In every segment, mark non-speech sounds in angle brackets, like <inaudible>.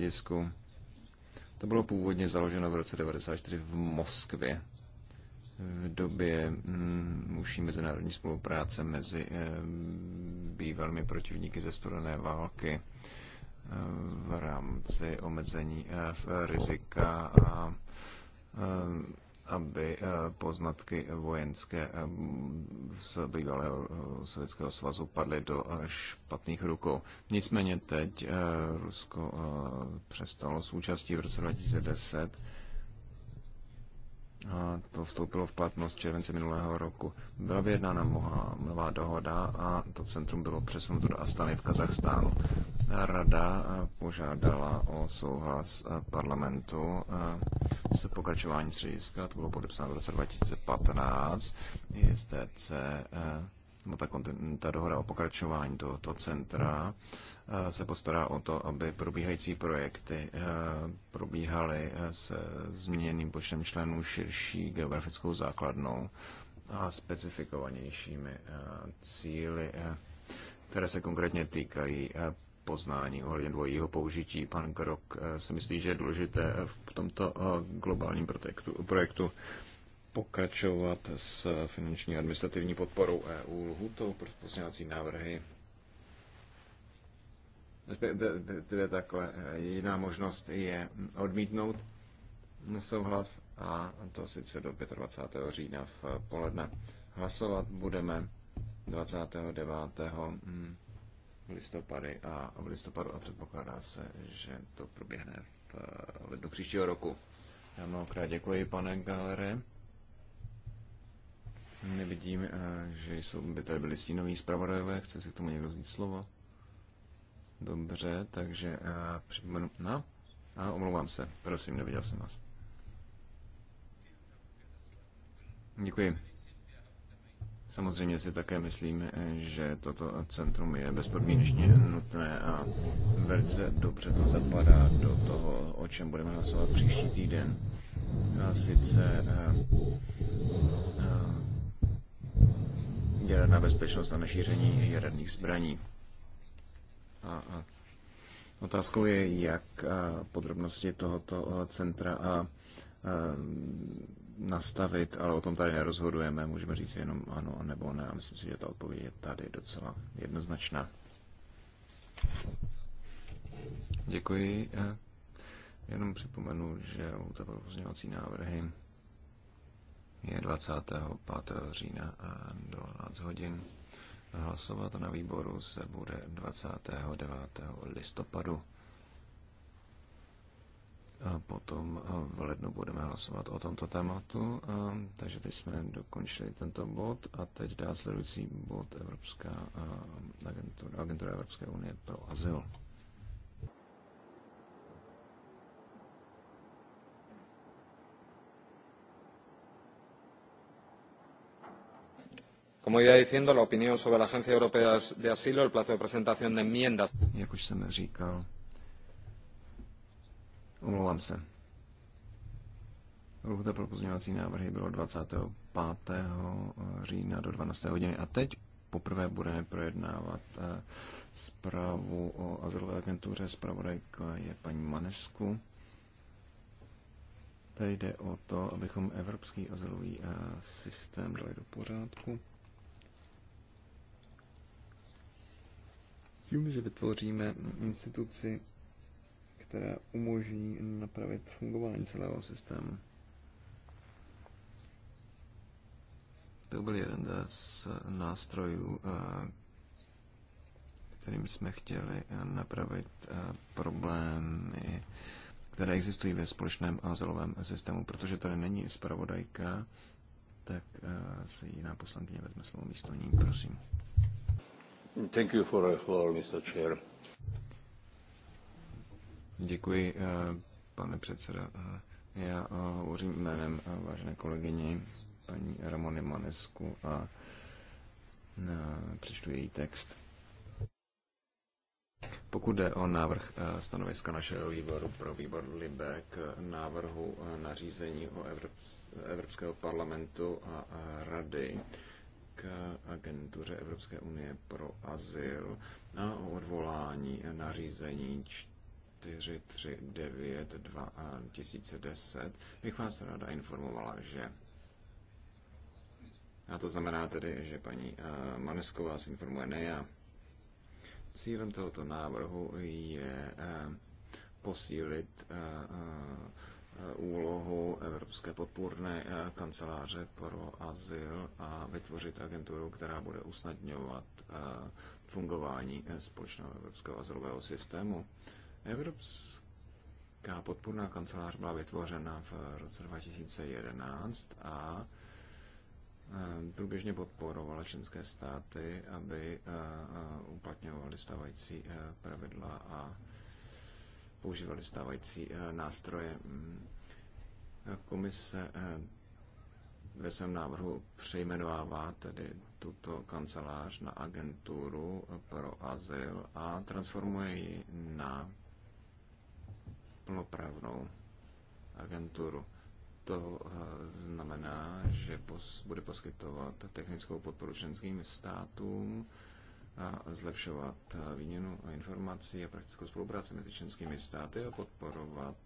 středisku. To bylo původně založeno v roce 1994 v Moskvě v době muší mm, mezinárodní spolupráce mezi eh, bývalými protivníky ze studené války eh, v rámci omezení eh, rizika a aby eh, poznatky vojenské eh, z bývalého eh, Sovětského svazu padly do špatných rukou. Nicméně teď Rusko přestalo s účastí v roce 2010 a to vstoupilo v platnost července minulého roku. Byla vyjednána nová dohoda a to centrum bylo přesunuto do Astany v Kazachstánu. Rada požádala o souhlas parlamentu eh, s pokračováním střediska, to bylo podepsáno v roce 2015, je no ta dohoda o pokračování tohoto centra se postará o to, aby probíhající projekty eh, probíhaly eh, s změněným počtem členů širší geografickou základnou a specifikovanějšími eh, cíly, které se konkrétně týkají poznání ohledně dvojího použití. Pan Krok si myslí, že je důležité v tomto globálním projektu, projektu pokračovat s finanční a administrativní podporou EU lhutou pro pozměňovací návrhy Tedy takhle. Eh, jiná možnost je odmítnout souhlas a to sice do 25. října v eh, poledne. Hlasovat budeme 29. Hm, listopady a v listopadu a předpokládá se, že to proběhne v eh, lednu příštího roku. Já mnohokrát děkuji, pane Galere. Nevidím, že jsou by tady byli stínoví zpravodajové. Chce si k tomu někdo vzít slovo? Dobře, takže já eh, připomenu. No, a omlouvám se, prosím, neviděl jsem vás. Děkuji. Samozřejmě si také myslím, eh, že toto centrum je bezpodmínečně nutné a velice dobře to zapadá do toho, o čem budeme hlasovat příští týden. A sice jaderná eh, bezpečnost a nešíření jaderných zbraní a otázkou je, jak podrobnosti tohoto centra a nastavit, ale o tom tady nerozhodujeme, můžeme říct jenom ano nebo ne a myslím si, že ta odpověď je tady docela jednoznačná. Děkuji. Jenom připomenu, že u toho pozměňovací návrhy je 25. října a 12 hodin. Hlasovat na výboru se bude 29. listopadu. A potom v lednu budeme hlasovat o tomto tématu. A, takže teď jsme dokončili tento bod a teď dá sledující bod Evropská agentura, agentura Evropské unie pro azyl. Como iba diciendo, la opinión sobre la Agencia Europea de Asilo, el plazo de presentación de enmiendas. Jak už jsem říkal. Omlouvám se. Lhuta pro pozměňovací návrhy bylo 25. října do 12. hodiny. A teď poprvé budeme projednávat eh, zprávu o azylové agentuře. Zpravodajka je paní Manesku. Tady jde o to, abychom evropský azylový eh, systém dali do pořádku. tím, že vytvoříme instituci, která umožní napravit fungování celého systému. To byl jeden z nástrojů, eh, kterým jsme chtěli eh, napravit eh, problémy, které existují ve společném azylovém systému. Protože tady není zpravodajka, tak se jiná poslankyně vezme slovo místo ní, prosím. Děkuji, eh, pane předseda. Eh, já eh, hovořím jménem vážené kolegyně paní Ramony Manesku a přečtu její text. Pokud jde o návrh stanoviska našeho výboru pro výbor Libe k návrhu nařízení o Evropského parlamentu a rady, k agentuře Evropské unie pro azyl na odvolání nařízení 439 2010 bych vás ráda informovala, že a to znamená tedy, že paní eh, Manesková vás informuje ne já. Cílem tohoto návrhu je eh, posílit eh, úlohu Evropské podpůrné eh, kanceláře pro azyl a vytvořit agenturu, která bude usnadňovat eh, fungování eh, společného evropského azylového systému. Evropská podpůrná kancelář byla vytvořena v roce 2011 a průběžně podporovala členské státy, aby uplatňovaly stávající pravidla a používali stávající eh, nástroje. Mm. Komise eh, ve svém návrhu přejmenovává tedy tuto kancelář na agenturu pro azyl a transformuje ji na plnopravnou agenturu. To eh, znamená, že bude poskytovat technickou podporu členským státům, a zlepšovat výměnu informací a praktickou spolupráci mezi členskými státy a podporovat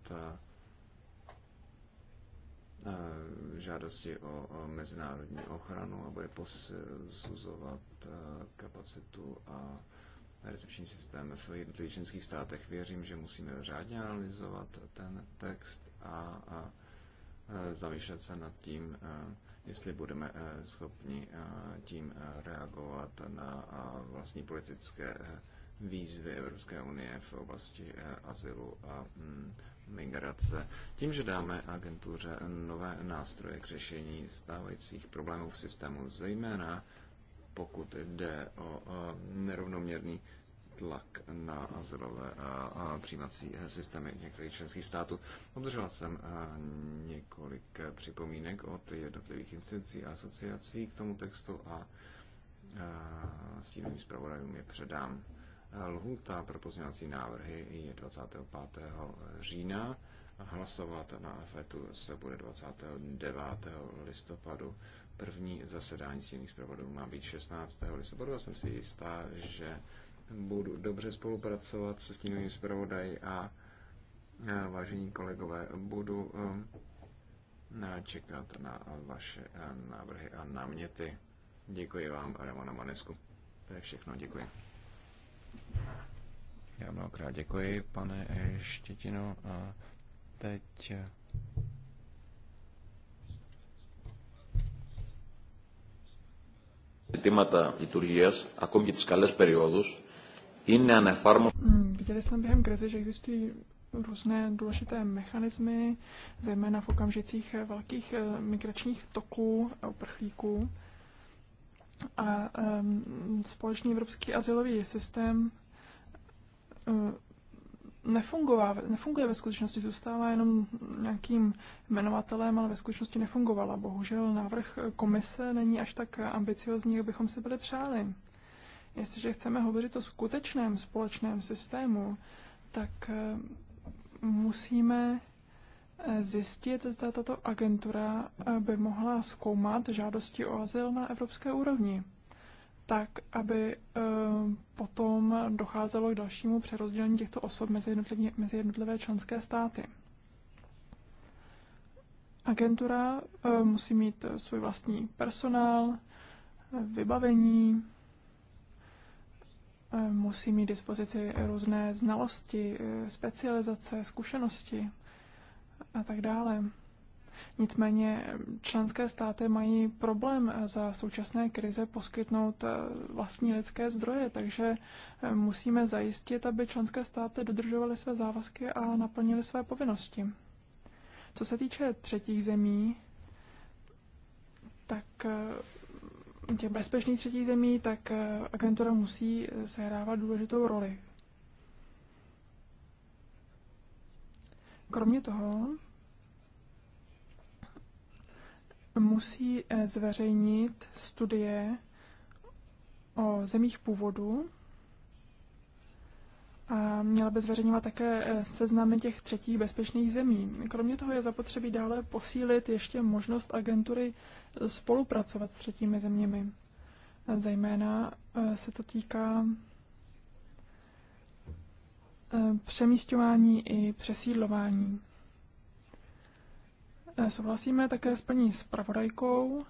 žádosti o mezinárodní ochranu a bude posuzovat kapacitu a recepční systém v jednotlivých členských státech. Věřím, že musíme řádně analyzovat ten text a, a zamýšlet se nad tím, jestli budeme eh, schopni eh, tím eh, reagovat na vlastní politické výzvy Evropské unie v oblasti azylu a mm, migrace. Tím, že dáme agentuře nové nástroje k řešení stávajících problémů v systému, zejména pokud jde o nerovnoměrný tlak na azylové a, a přijímací systémy některých členských států. Obdržela jsem několik připomínek od jednotlivých institucí a asociací k tomu textu a tím zpravodajům je předám. Lhůta pro pozměňovací návrhy je 25. října. Hlasovat na FETu se bude 29. listopadu. První zasedání jiných zpravodů má být 16. listopadu Já jsem si jistá, že budu dobře spolupracovat se stínovým zpravodají a vážení kolegové, budu um, čekat na vaše návrhy a náměty. Děkuji vám, Ramona Manesku. To je všechno, děkuji. Já mnohokrát děkuji, pane eh, Štětino. A teď ζητήματα λειτουργία, ακόμη και τι καλέ περιόδου, είναι ανεφάρμο... Hmm, viděli jsme během krize, že existují různé důležité mechanismy, zejména v okamžicích eh, velkých eh, migračních toků a uprchlíků. A ehm, společný evropský asilový systém eh, nefungoval, nefunguje ve skutečnosti, zůstává jenom nějakým jmenovatelem, ale ve skutečnosti nefungovala. Bohužel návrh komise není až tak ambiciozní, jak bychom si byli přáli. Jestliže chceme hovořit o skutečném společném systému, tak eh, musíme eh, zjistit, zda tato agentura eh, by mohla zkoumat žádosti o azyl na evropské úrovni, tak aby potom docházelo k dalšímu přerozdělení těchto osob mezi, mezi jednotlivé členské státy. Agentura musí mít svůj vlastní personál, vybavení, musí mít dispozici různé znalosti, eh, specializace, zkušenosti a tak dále. Nicméně eh, členské státy mají problém eh, za současné krize poskytnout vlastní lidské zdroje, takže musíme zajistit, aby členské státy dodržovaly své závazky a naplnily své povinnosti. Co se týče třetích zemí, tak těch bezpečných třetích zemí, tak eh, agentura musí eh, sehrávat důležitou roli. Kromě toho musí eh, zveřejnit studie o zemích původu a měla by zveřejňovat také eh, seznamy těch třetích bezpečných zemí. Kromě toho je zapotřebí dále posílit ještě možnost agentury eh, spolupracovat s třetími zeměmi. Eh, zejména se to týká přemístování i přesídlování. Souhlasíme také s paní zpravodajkou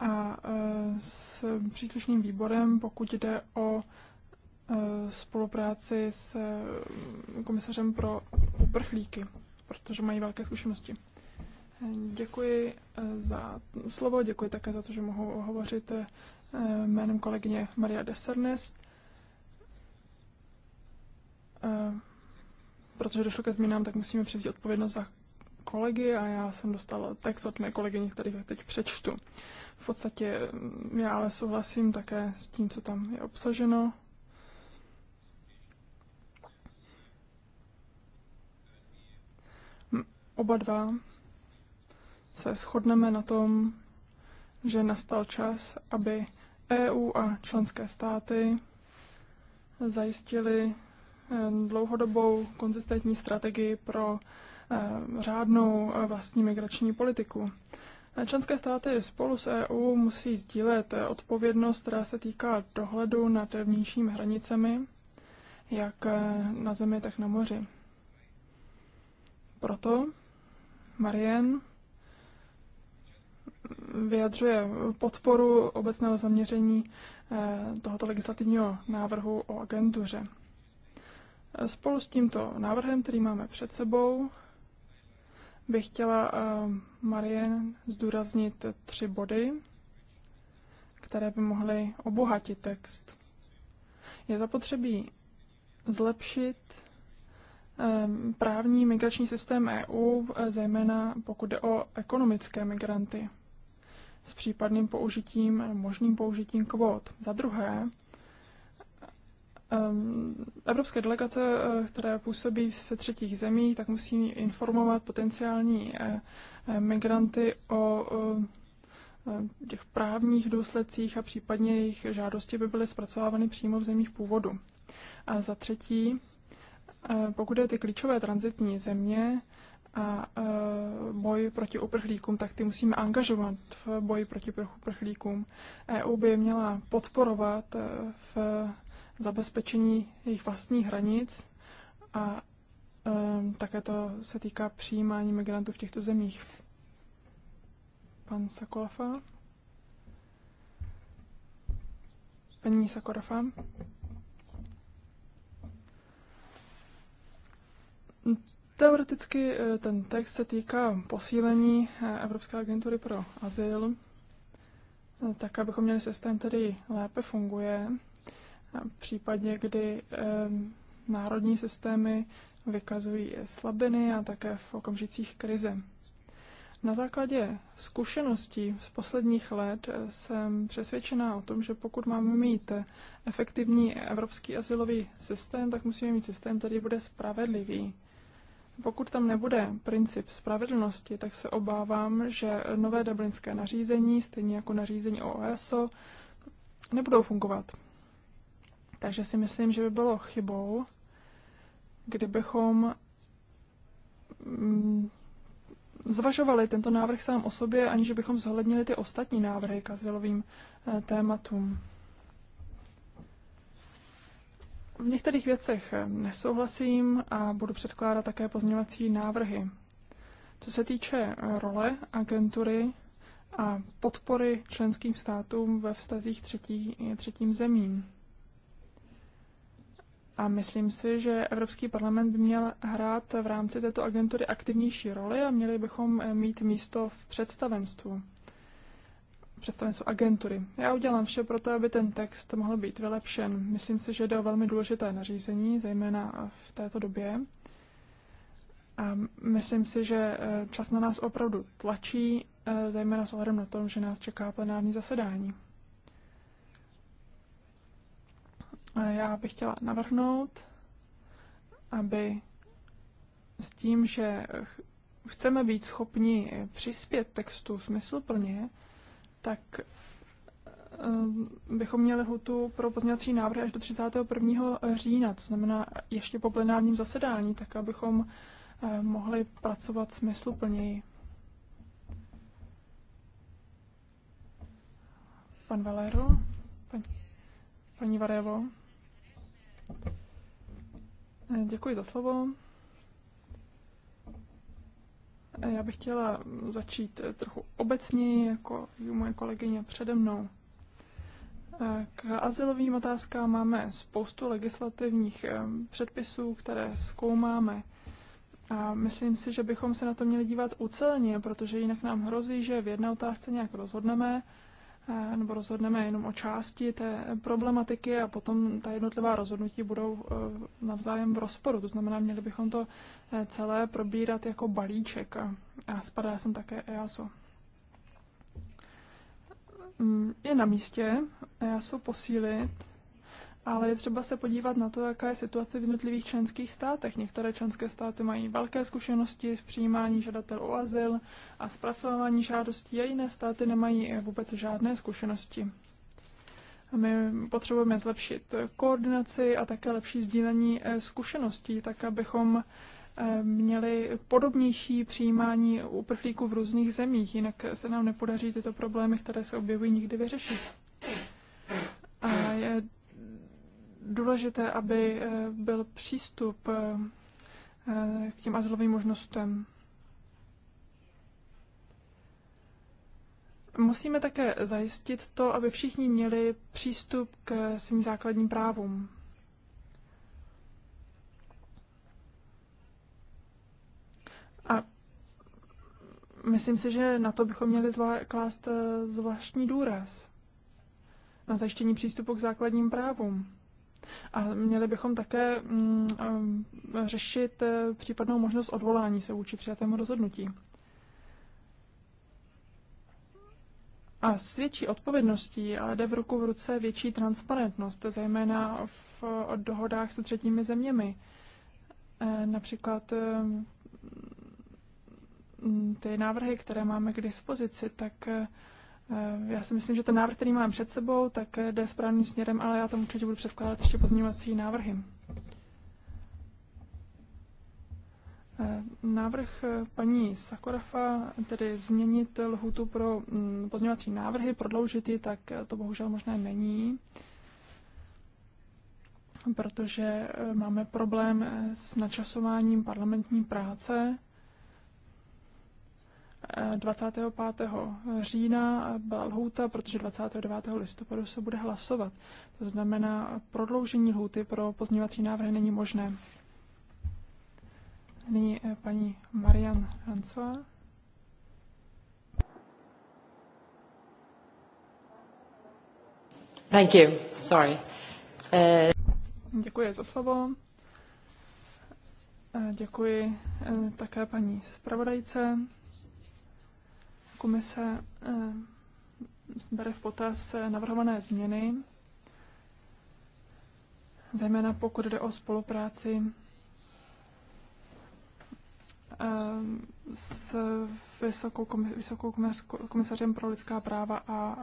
a e, s příslušným výborem, pokud jde o e, spolupráci s e, komisařem pro uprchlíky, protože mají velké zkušenosti. Děkuji za slovo, děkuji také za to, že mohu hovořit jménem kolegyně Maria Desernes, protože došlo ke změnám, tak musíme převzít odpovědnost za kolegy a já jsem dostala text od mé kolegyně, který teď přečtu. V podstatě mm, já ale souhlasím také s tím, co tam je obsaženo. Oba dva se shodneme na tom, že nastal čas, aby EU a členské státy zajistili eh, dlouhodobou konzistentní strategii pro Eh, řádnou eh, vlastní migrační politiku. Eh, členské státy spolu s EU musí sdílet odpovědnost, která se týká dohledu nad vnějšími hranicemi, jak na zemi, tak na moři. Proto Marien vyjadřuje podporu obecného zaměření tohoto legislativního návrhu o agentuře. Spolu s tímto návrhem, který máme před sebou, bych chtěla eh, Marien zdůraznit tři body, které by mohly obohatit text. Je zapotřebí zlepšit eh, právní migrační systém EU, eh, zejména pokud jde o ekonomické migranty s případným použitím, možným použitím kvót. Za druhé, Ehm, evropské delegace, eh, které působí v třetích zemích, tak musí informovat potenciální eh, eh, migranty o těch právních důsledcích a případně jejich žádosti by byly zpracovávány přímo v zemích původu. A za třetí, pokud je ty klíčové transitní země a boj proti uprchlíkům, tak ty musíme angažovat v boji proti uprchlíkům. EU by měla podporovat v zabezpečení jejich vlastních hranic a e, také to se týká přijímání migrantů v těchto zemích. Pan Sakolafa. Paní Sakorafa. Teoreticky eh, ten text se týká posílení eh, Evropské agentury pro azyl, eh, tak abychom měli systém, který lépe funguje v případě, kdy národní systémy vykazují slabiny a také v okamžicích krize. Na základě zkušeností z posledních let jsem přesvědčená o tom, že pokud máme mít efektivní evropský asilový systém, tak musíme mít systém, který bude spravedlivý. Pokud tam nebude princip spravedlnosti, tak se obávám, že nové dublinské nařízení, stejně jako nařízení OSO, nebudou fungovat. Takže si myslím, že by bylo chybou, kdybychom mm, zvažovali tento návrh sám o sobě, aniž bychom zohlednili ty ostatní návrhy k azylovým eh, tématům. V některých věcech eh, nesouhlasím a budu předkládat také pozměňovací návrhy. Co se týče eh, role agentury a podpory členským státům ve vztazích třetí, třetím zemím. A myslím si, že Evropský parlament by měl hrát v rámci této agentury aktivnější roli a měli bychom eh, mít místo v představenstvu. Představenstvu agentury. Já udělám vše pro to, aby ten text mohl být vylepšen. Myslím si, že jde o velmi důležité nařízení, zejména v této době. A myslím si, že eh, čas na nás opravdu tlačí, eh, zejména s ohledem na to, že nás čeká plenární zasedání. Já bych chtěla navrhnout, aby s tím, že chceme být schopni přispět textu smysluplně, tak eh, bychom měli hutu pro pozměňovací návrhy až do 31. října, to znamená ještě po plenárním zasedání, tak abychom eh, mohli pracovat smysluplněji. Pan Valero, paní, paní Varevo. Děkuji za slovo. Já bych chtěla začít trochu obecněji, jako moje kolegyně přede mnou. K azylovým otázkám máme spoustu legislativních eh, předpisů, které zkoumáme. A myslím si, že bychom se na to měli dívat ucelně, protože jinak nám hrozí, že v jedné otázce nějak rozhodneme Eh, nebo rozhodneme jenom o části té problematiky a potom ta jednotlivá rozhodnutí budou eh, navzájem v rozporu. To znamená, měli bychom to eh, celé probírat jako balíček a, a spadá sem také EASO. Mm, je na místě EASO posílit ale je třeba se podívat na to, jaká je situace v jednotlivých členských státech. Některé členské státy mají velké zkušenosti v přijímání žadatelů o azyl a zpracování žádostí a jiné státy nemají vůbec žádné zkušenosti. A my potřebujeme zlepšit koordinaci a také lepší sdílení eh, zkušeností, tak abychom eh, měli podobnější přijímání uprchlíků v různých zemích, jinak se nám nepodaří tyto problémy, které se objevují, nikdy vyřešit důležité, aby eh, byl přístup eh, eh, k těm azylovým možnostem. Musíme také zajistit to, aby všichni měli přístup k svým základním právům. A myslím si, že na to bychom měli zvla- klást zvláštní důraz na zajištění přístupu k základním právům. A měli bychom také mm, eh, řešit eh, případnou možnost odvolání se vůči přijatému rozhodnutí. A s větší odpovědností jde v ruku v ruce větší transparentnost, zejména v dohodách se třetími zeměmi. Eh, například ty návrhy, které máme k dispozici, tak Eh, já si myslím, že ten návrh, který mám před sebou, tak eh, jde správným směrem, ale já tam určitě budu předkládat ještě pozměňovací návrhy. Eh, návrh paní Sakorafa, tedy změnit lhutu pro mm, pozměňovací návrhy, prodloužit ji, tak to bohužel možné není, protože máme problém s načasováním parlamentní práce. 25. října byla lhůta, protože 29. listopadu se bude hlasovat. To znamená, prodloužení lhůty pro pozměňovací návrhy není možné. Nyní eh, paní Marian Hancová. Thank you. Sorry. Uh... Děkuji za slovo. Eh, děkuji také paní zpravodajce. Komise eh, bere v potaz eh, navrhované změny, zejména pokud jde o spolupráci eh, s vysokou, vysokou komisařem pro lidská práva a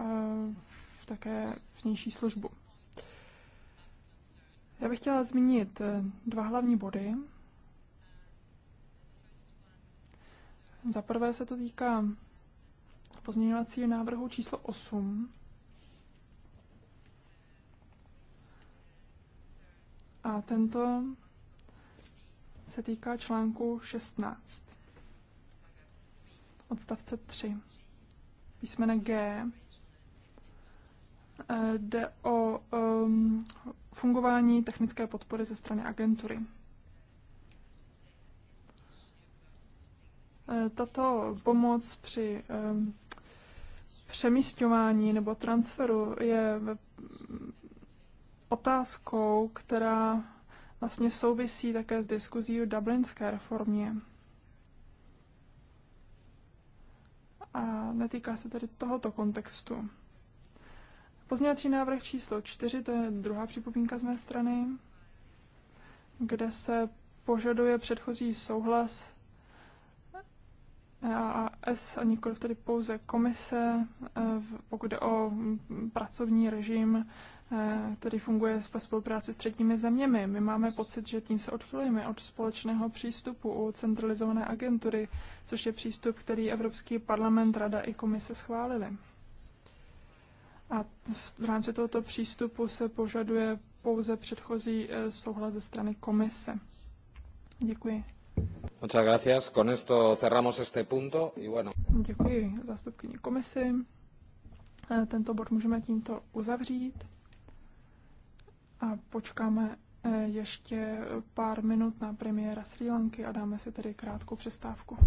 také vnější službu. Já bych chtěla zmínit dva hlavní body. Za prvé se to týká pozměňovací návrhu číslo 8. A tento se týká článku 16, odstavce 3, písmene G. Eh, jde o um, fungování technické podpory ze strany agentury. Eh, tato pomoc při um, přemístování nebo transferu je otázkou, která vlastně souvisí také s diskuzí o dublinské reformě. A netýká se tedy tohoto kontextu. Pozměňovací návrh číslo 4, to je druhá připomínka z mé strany, kde se požaduje předchozí souhlas EAS a nikoli tedy pouze komise, eh, pokud jde o pracovní režim, který eh, funguje ve spolupráci s třetími zeměmi. My máme pocit, že tím se odchylujeme od společného přístupu u centralizované agentury, což je přístup, který Evropský parlament, Rada i komise schválili. A v rámci tohoto přístupu se požaduje pouze předchozí eh, souhlas ze strany komise. Děkuji. Děkuji zástupkyni komisi. E, tento bod můžeme tímto uzavřít a počkáme e, ještě pár minut na premiéra Sri Lanky a dáme si tedy krátkou přestávku.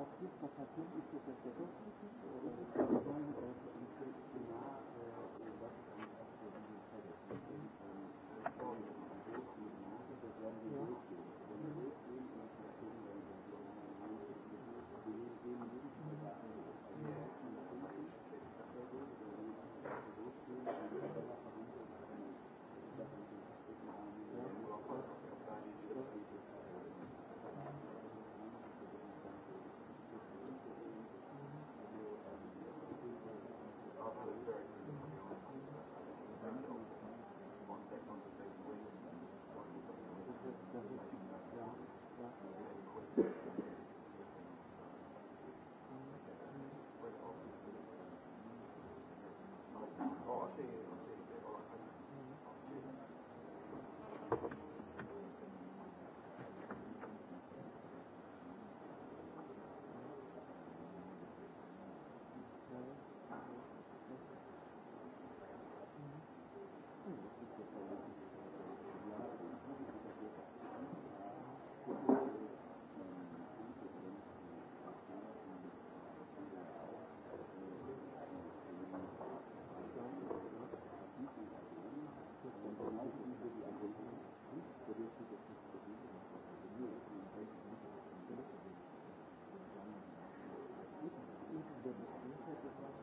Thank you.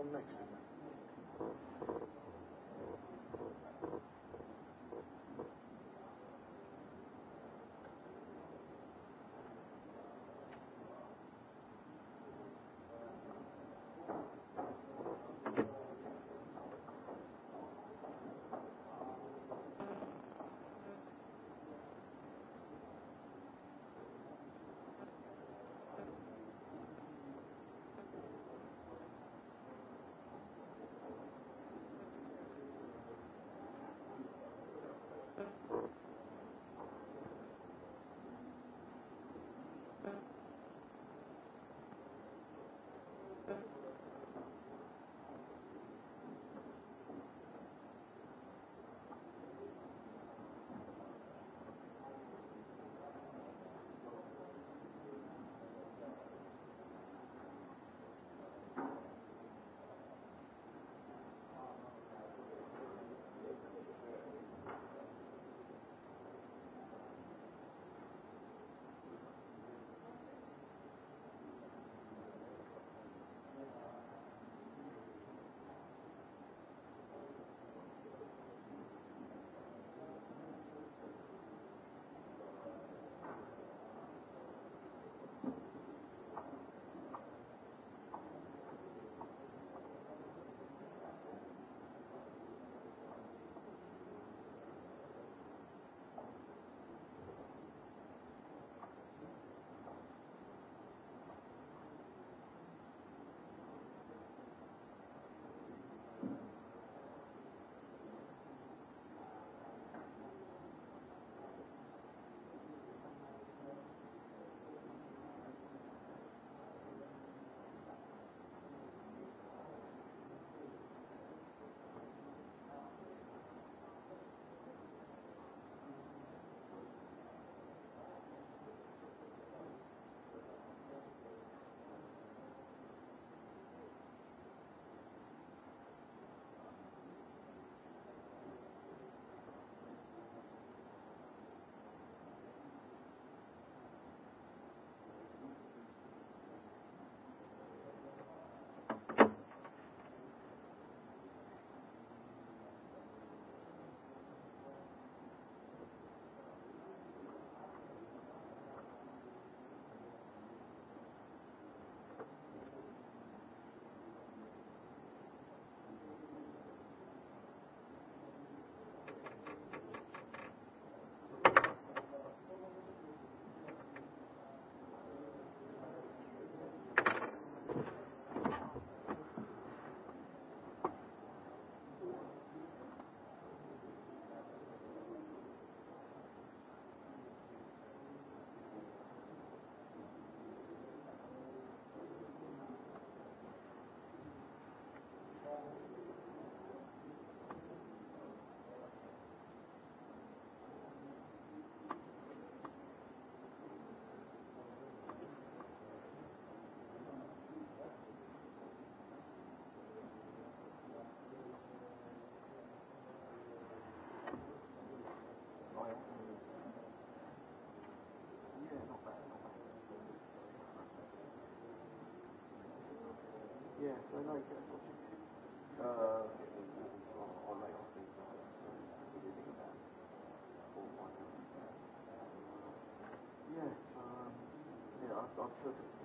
bottleneck Yeah, um, yeah, I've, I've heard it.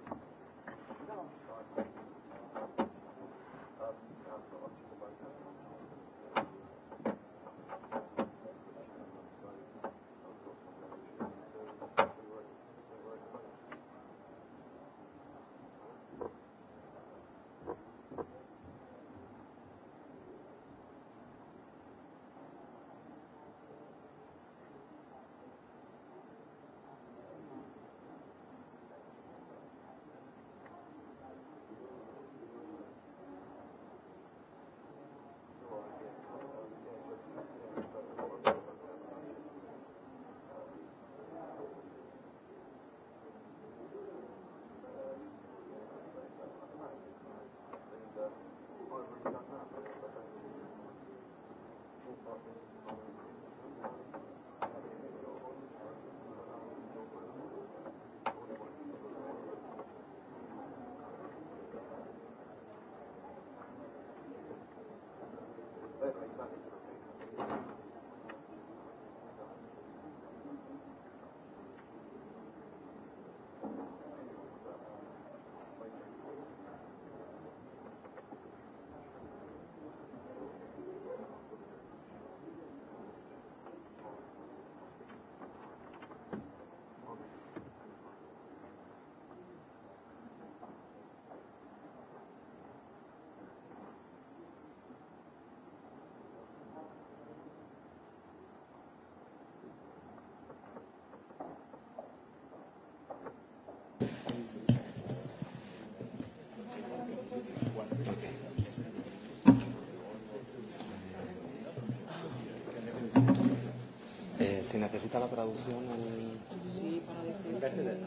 si necesita la traducción el... Sí, para decir...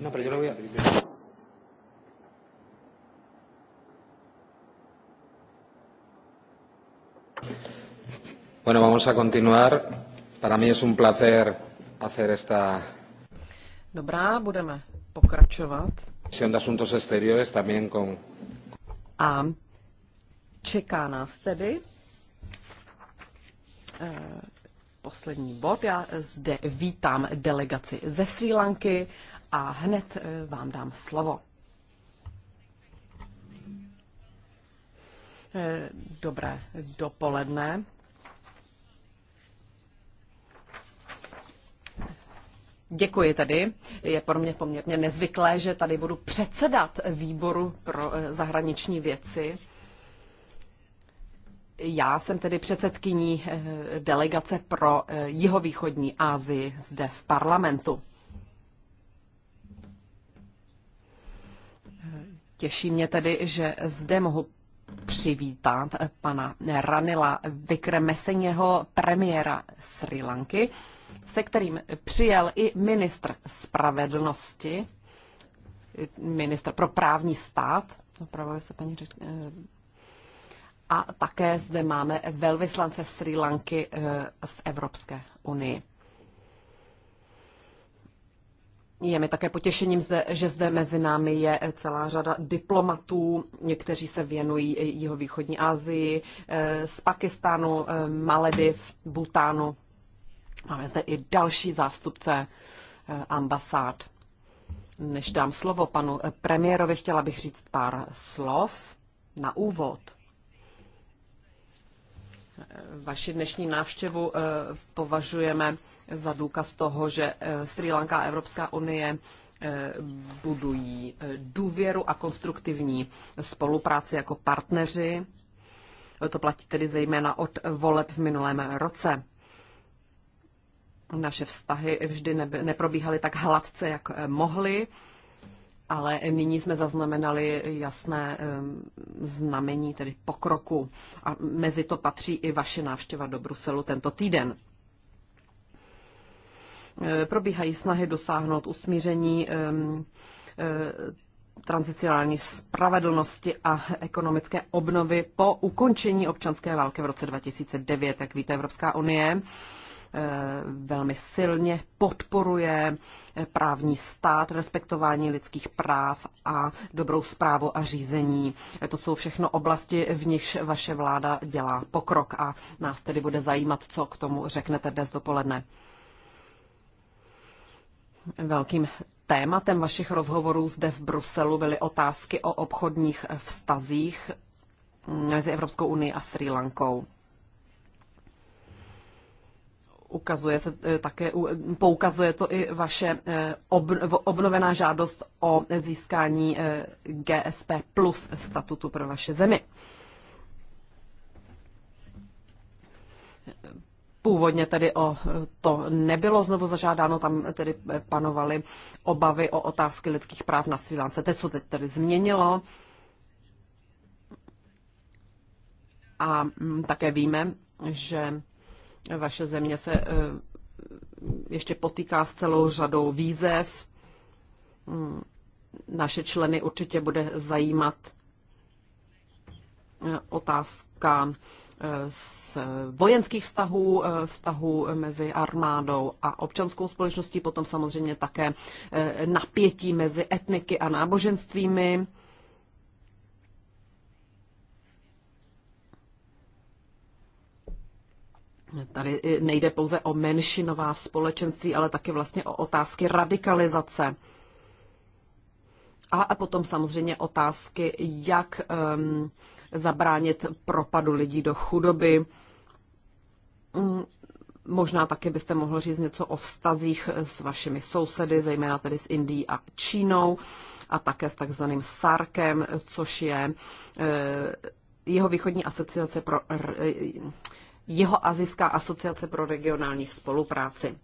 No, pero yo lo voy a... Bueno, vamos a continuar. Para mí es un placer hacer esta... Dobrá, budeme pokračovat. Sesión de asuntos exteriores también con... A Čeká nás tedy eh, poslední bod. Já zde vítám delegaci ze Sri Lanky a hned eh, vám dám slovo. Eh, dobré dopoledne. Děkuji tady. Je pro mě poměrně nezvyklé, že tady budu předsedat výboru pro zahraniční věci. Já jsem tedy předsedkyní eh, delegace pro eh, jihovýchodní Asii zde v parlamentu. Těší mě tedy, že zde mohu přivítat eh, pana Ranila Vikremeseněho, premiéra Sri Lanky, se kterým přijel i ministr spravedlnosti, ministr pro právní stát, opravuje se paní a také zde máme velvyslance Sri Lanky eh, v Evropské unii. Je mi také potěšením, že zde mezi námi je celá řada diplomatů, kteří se věnují jihovýchodní Asii, eh, z Pakistánu, eh, Malediv, Bhutánu. Máme zde i další zástupce ambasád. Než dám slovo panu premiérovi, chtěla bych říct pár slov na úvod. Vaši dnešní návštěvu eh, považujeme za důkaz toho, že eh, Sri Lanka a Evropská unie eh, budují důvěru a konstruktivní spolupráci jako partneři. To platí tedy zejména od voleb v minulém roce. Naše vztahy vždy neprobíhaly tak hladce, jak mohly ale nyní jsme zaznamenali jasné znamení, tedy pokroku. A mezi to patří i vaše návštěva do Bruselu tento týden. E, probíhají snahy dosáhnout usmíření e, transicionální spravedlnosti a ekonomické obnovy po ukončení občanské války v roce 2009, jak víte, Evropská unie Eh, velmi silně podporuje právní stát, respektování lidských práv a dobrou zprávu a řízení. To jsou všechno oblasti, v nichž vaše vláda dělá pokrok a nás tedy bude zajímat, co k tomu řeknete dnes dopoledne. Velkým tématem vašich rozhovorů zde v Bruselu byly otázky o obchodních vztazích mezi Evropskou unii a Sri Lankou. Ukazuje se eh, také, poukazuje to i vaše eh, obnovená žádost o získání eh, GSP plus statutu pro vaše zemi. Původně tedy o to nebylo znovu zažádáno, tam tedy panovaly obavy o otázky lidských práv na Sri Lance. Teď co teď tedy změnilo? A mm, také víme, že vaše země se eh, ještě potýká s celou řadou výzev. Hmm, naše členy určitě bude zajímat eh, otázka z eh, vojenských vztahů, vztahů mezi armádou a občanskou společností, potom samozřejmě také napětí mezi etniky a náboženstvími. Tady nejde pouze o menšinová společenství, ale taky vlastně o otázky radikalizace. A, a potom samozřejmě otázky, jak um, zabránit propadu lidí do chudoby. Mm, možná taky byste mohl říct něco o vztazích s vašimi sousedy, zejména tedy s Indií a Čínou a také s takzvaným SARKem, což je eh, jeho východní asociace pro jeho Azijská asociace pro regionální spolupráci.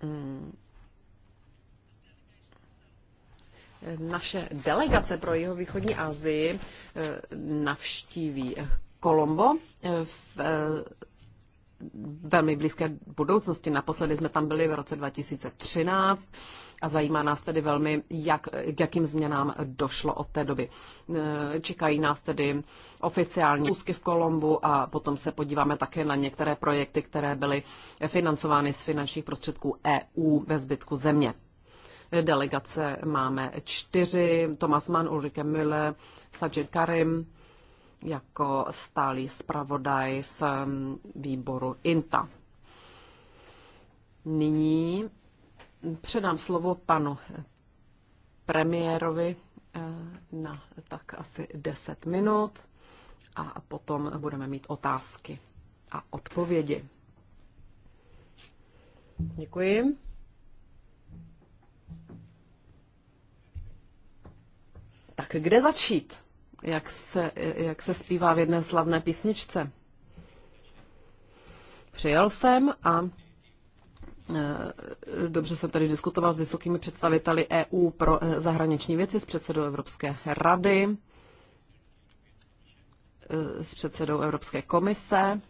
Hmm. Naše delegace pro jeho východní Asii eh, navštíví Kolombo eh, v eh, velmi blízké budoucnosti. Naposledy jsme tam byli v roce 2013 a zajímá nás tedy velmi, jak, k jakým změnám došlo od té doby. E, čekají nás tedy oficiální úzky v Kolombu a potom se podíváme také na některé projekty, které byly financovány z finančních prostředků EU ve zbytku země. Delegace máme čtyři, Thomas Mann, Ulrike Müller, Sajid Karim, jako stálý zpravodaj v mm, výboru INTA. Nyní Předám slovo panu premiérovi eh, na tak asi 10 minut a potom budeme mít otázky a odpovědi. Děkuji. Tak kde začít? Jak se, jak se zpívá v jedné slavné písničce? Přijel jsem a Eh, dobře jsem tady diskutoval s vysokými představiteli EU pro eh, zahraniční věci, s předsedou Evropské rady, eh, s předsedou Evropské komise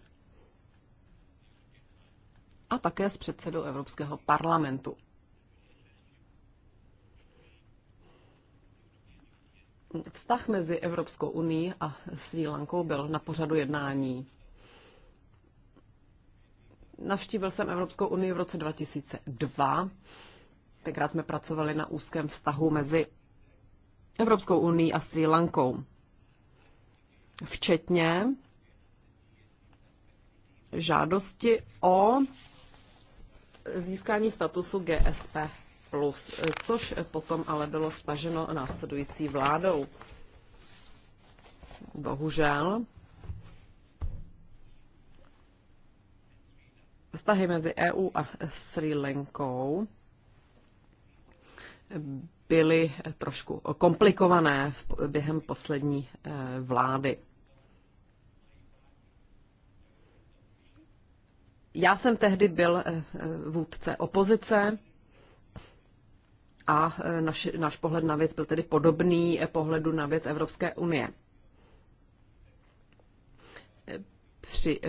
a také s předsedou Evropského parlamentu. Vztah mezi Evropskou unii a Sri Lankou byl na pořadu jednání Navštívil jsem Evropskou unii v roce 2002. Tenkrát jsme pracovali na úzkém vztahu mezi Evropskou unii a Sri Lankou. Včetně žádosti o získání statusu GSP+, což potom ale bylo staženo následující vládou. Bohužel, vztahy mezi EU a Sri Lankou byly trošku komplikované během poslední eh, vlády. Já jsem tehdy byl eh, eh, vůdce opozice a naš, náš pohled na věc byl tedy podobný pohledu na věc Evropské unie. Při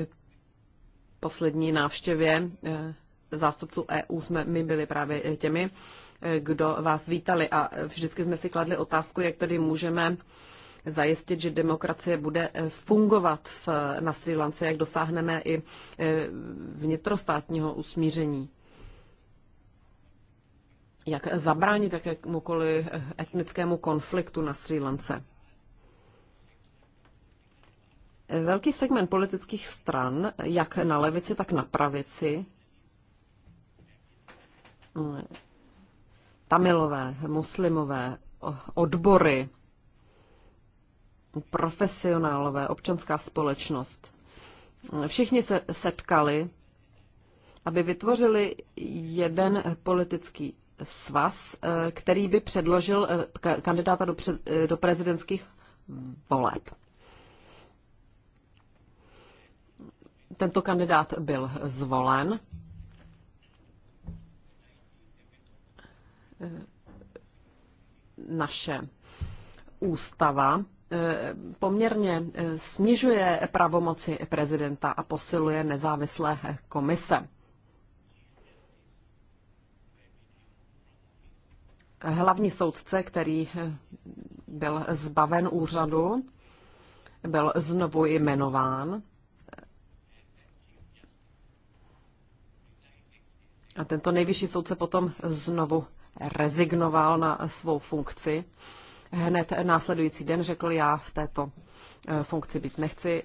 poslední návštěvě eh, zástupců EU jsme my byli právě těmi, eh, kdo vás vítali a vždycky jsme si kladli otázku, jak tedy můžeme zajistit, že demokracie bude eh, fungovat v, na Sri Lance, jak dosáhneme i vnitrostátního usmíření. Jak zabránit jakémukoliv etnickému konfliktu na Sri Lance. Velký segment politických stran, jak na levici, tak na pravici, tamilové, muslimové, odbory, profesionálové, občanská společnost. Všichni se setkali, aby vytvořili jeden politický svaz, eh, který by předložil eh, kandidáta do, eh, do prezidentských voleb. Tento kandidát byl zvolen. Naše ústava eh, poměrně eh, snižuje pravomoci prezidenta a posiluje nezávislé komise. Hlavní soudce, který eh, byl zbaven úřadu, byl znovu jmenován A tento nejvyšší soudce potom znovu rezignoval na svou funkci. Hned následující den řekl, já v této eh, funkci být nechci.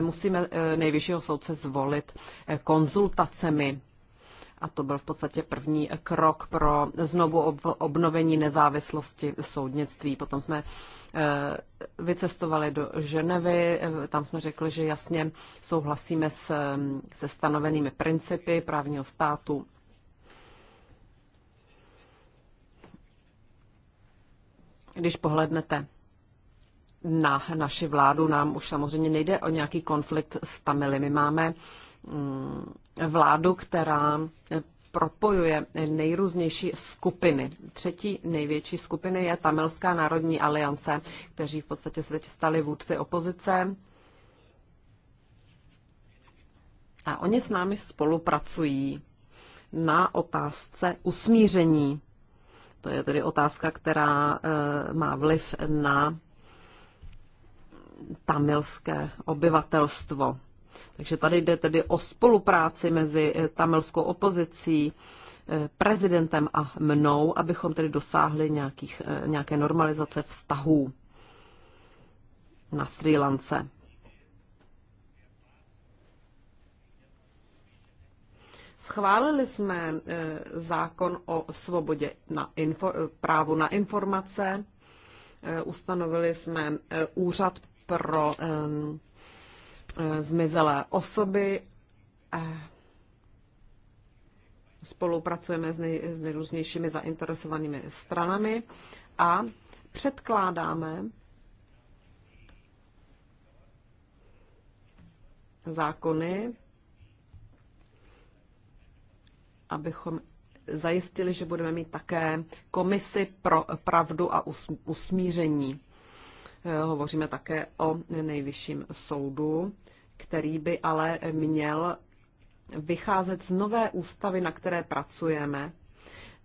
Musíme eh, nejvyššího soudce zvolit eh, konzultacemi a to byl v podstatě první krok pro znovu obnovení nezávislosti soudnictví. Potom jsme eh, vycestovali do Ženevy, eh, tam jsme řekli, že jasně souhlasíme s, mm, se stanovenými principy právního státu. Když pohlednete na naši vládu, nám už samozřejmě nejde o nějaký konflikt s Tamily. My máme Mm, vládu, která propojuje nejrůznější skupiny. Třetí největší skupiny je Tamilská národní aliance, kteří v podstatě se teď stali vůdci opozice. A oni s námi spolupracují na otázce usmíření. To je tedy otázka, která eh, má vliv na tamilské obyvatelstvo. Takže tady jde tedy o spolupráci mezi eh, tamilskou opozicí, eh, prezidentem a mnou, abychom tedy dosáhli nějakých, eh, nějaké normalizace vztahů na Sri Lance. Schválili jsme zákon o svobodě na info, právu na informace, ustanovili jsme úřad pro E, zmizelé osoby. Spolupracujeme s, nej, s nejrůznějšími zainteresovanými stranami a předkládáme zákony, abychom zajistili, že budeme mít také komisi pro pravdu a usmíření. Hovoříme také o nejvyšším soudu, který by ale měl vycházet z nové ústavy, na které pracujeme.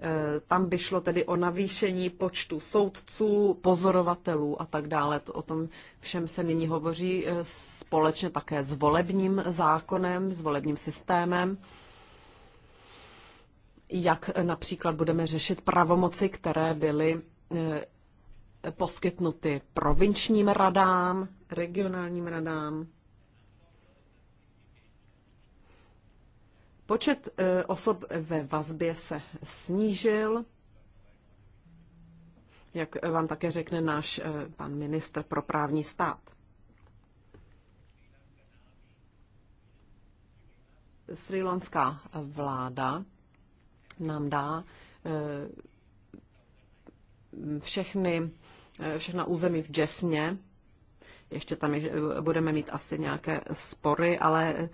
E, tam by šlo tedy o navýšení počtu soudců, pozorovatelů a tak dále. O tom všem se nyní hovoří e, společně také s volebním zákonem, s volebním systémem jak například budeme řešit pravomoci, které byly e, poskytnuty provinčním radám, regionálním radám. Počet e, osob ve vazbě se snížil, jak vám také řekne náš e, pan ministr pro právní stát. Srilanská vláda nám dá e, všechny, všechna území v Jeffně. Ještě tam budeme mít asi nějaké spory, ale e,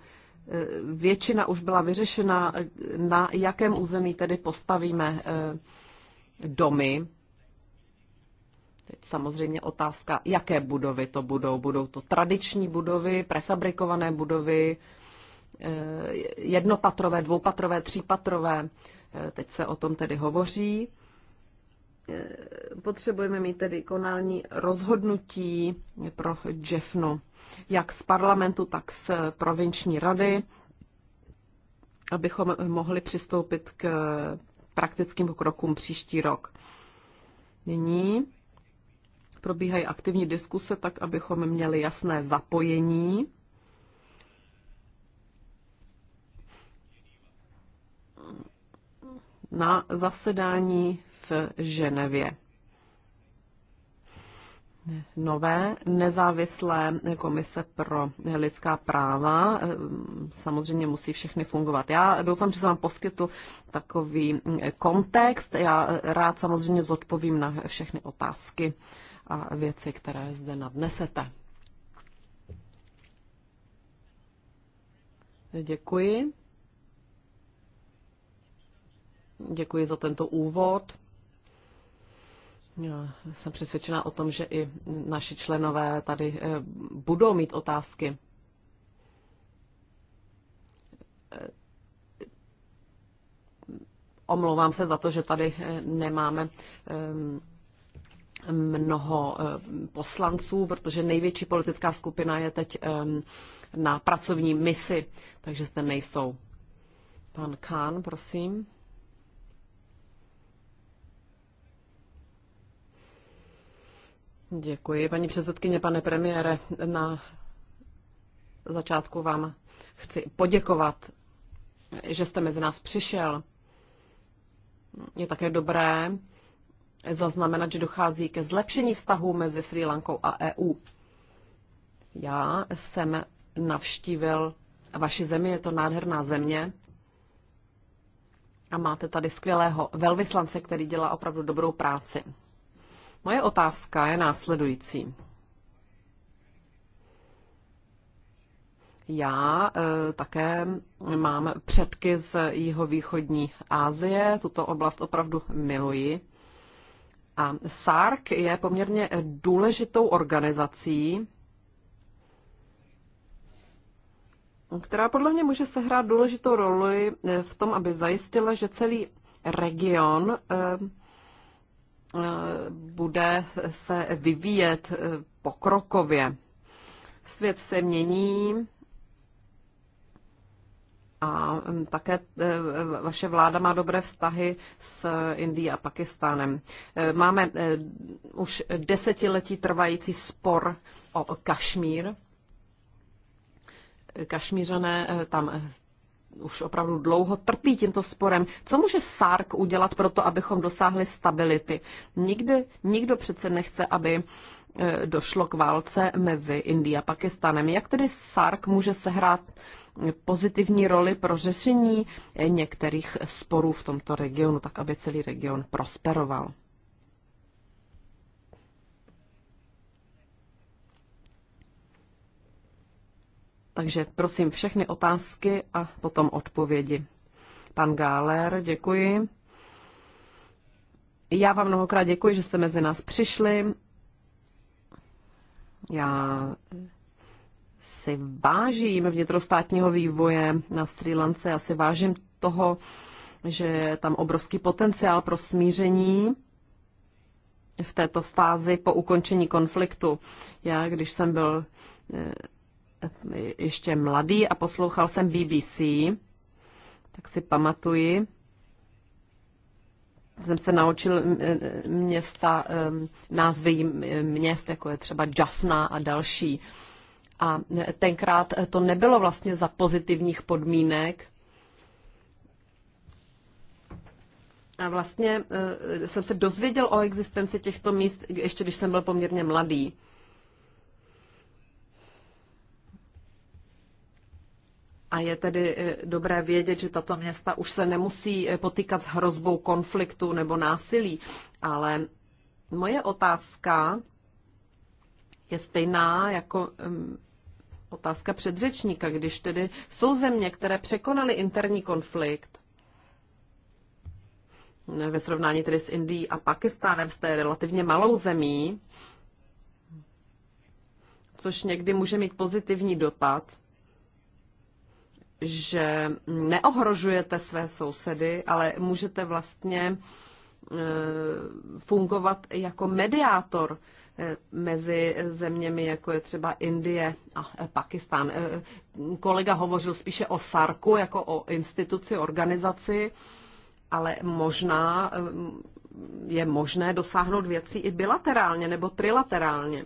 většina už byla vyřešena, na jakém území tedy postavíme e, domy. Teď samozřejmě otázka, jaké budovy to budou. Budou to tradiční budovy, prefabrikované budovy, e, jednopatrové, dvoupatrové, třípatrové. Teď se o tom tedy hovoří. Eh, potřebujeme mít tedy konální rozhodnutí pro Jeffnu, jak z parlamentu, tak z provinční rady, abychom mohli přistoupit k praktickým krokům příští rok. Nyní probíhají aktivní diskuse tak, abychom měli jasné zapojení. Na zasedání Ženevě. Nové nezávislé komise pro lidská práva eh, samozřejmě musí všechny fungovat. Já doufám, že se vám poskytu takový eh, kontext. Já rád samozřejmě zodpovím na všechny otázky a věci, které zde nadnesete. Děkuji. Děkuji za tento úvod. Já jsem přesvědčena o tom, že i naši členové tady eh, budou mít otázky. Eh, omlouvám se za to, že tady eh, nemáme mnoho poslanců, protože největší politická skupina je teď na pracovní misi, takže zde nejsou. Pan Kán, prosím. Děkuji, paní předsedkyně, pane premiére. Na začátku vám chci poděkovat, že jste mezi nás přišel. Je také dobré zaznamenat, že dochází ke zlepšení vztahů mezi Sri Lankou a EU. Já jsem navštívil vaši zemi, je to nádherná země. A máte tady skvělého velvyslance, který dělá opravdu dobrou práci. Moje otázka je následující. Já e, také mám předky z jihovýchodní Asie, tuto oblast opravdu miluji. A SARC je poměrně důležitou organizací, která podle mě může sehrát důležitou roli v tom, aby zajistila, že celý region e, bude se vyvíjet eh, pokrokově. Svět se mění a mm, také eh, vaše vláda má dobré vztahy s Indií a Pakistánem. Eh, máme už desetiletí trvající spor o Kašmír. Kašmířané tam už opravdu dlouho trpí tímto sporem. Co může SARC udělat pro to, abychom dosáhli stability? Nikdy, nikdo přece nechce, aby e, došlo k válce mezi Indií a Pakistanem. Jak tedy SARC může sehrát e, pozitivní roli pro řešení e, některých sporů v tomto regionu, tak aby celý region prosperoval? Takže prosím všechny otázky a potom odpovědi. Pan Gáler, děkuji. Já vám mnohokrát děkuji, že jste mezi nás přišli. Já si vážím vnitrostátního vývoje na Sri Lance, já si vážím toho, že je tam obrovský potenciál pro smíření v této fázi po ukončení konfliktu. Já, když jsem byl eh, ještě mladý a poslouchal jsem BBC, tak si pamatuji, jsem se naučil města, názvy měst, jako je třeba Jaffna a další. A tenkrát to nebylo vlastně za pozitivních podmínek. A vlastně e, jsem se dozvěděl o existenci těchto míst, ještě když jsem byl poměrně mladý. A je tedy eh, dobré vědět, že tato města už se nemusí eh, potýkat s hrozbou konfliktu nebo násilí. Ale moje otázka je stejná jako otázka předřečníka, když tedy jsou země, které překonaly interní konflikt, ve srovnání tedy s Indií a Pakistánem, té relativně malou zemí, což někdy může mít pozitivní dopad že neohrožujete své sousedy, ale můžete vlastně e, fungovat jako mediátor e, mezi zeměmi, jako je třeba Indie a e, Pakistán. Kolega hovořil spíše o SARKu jako o instituci, organizaci, ale možná je možné dosáhnout věcí i bilaterálně nebo trilaterálně.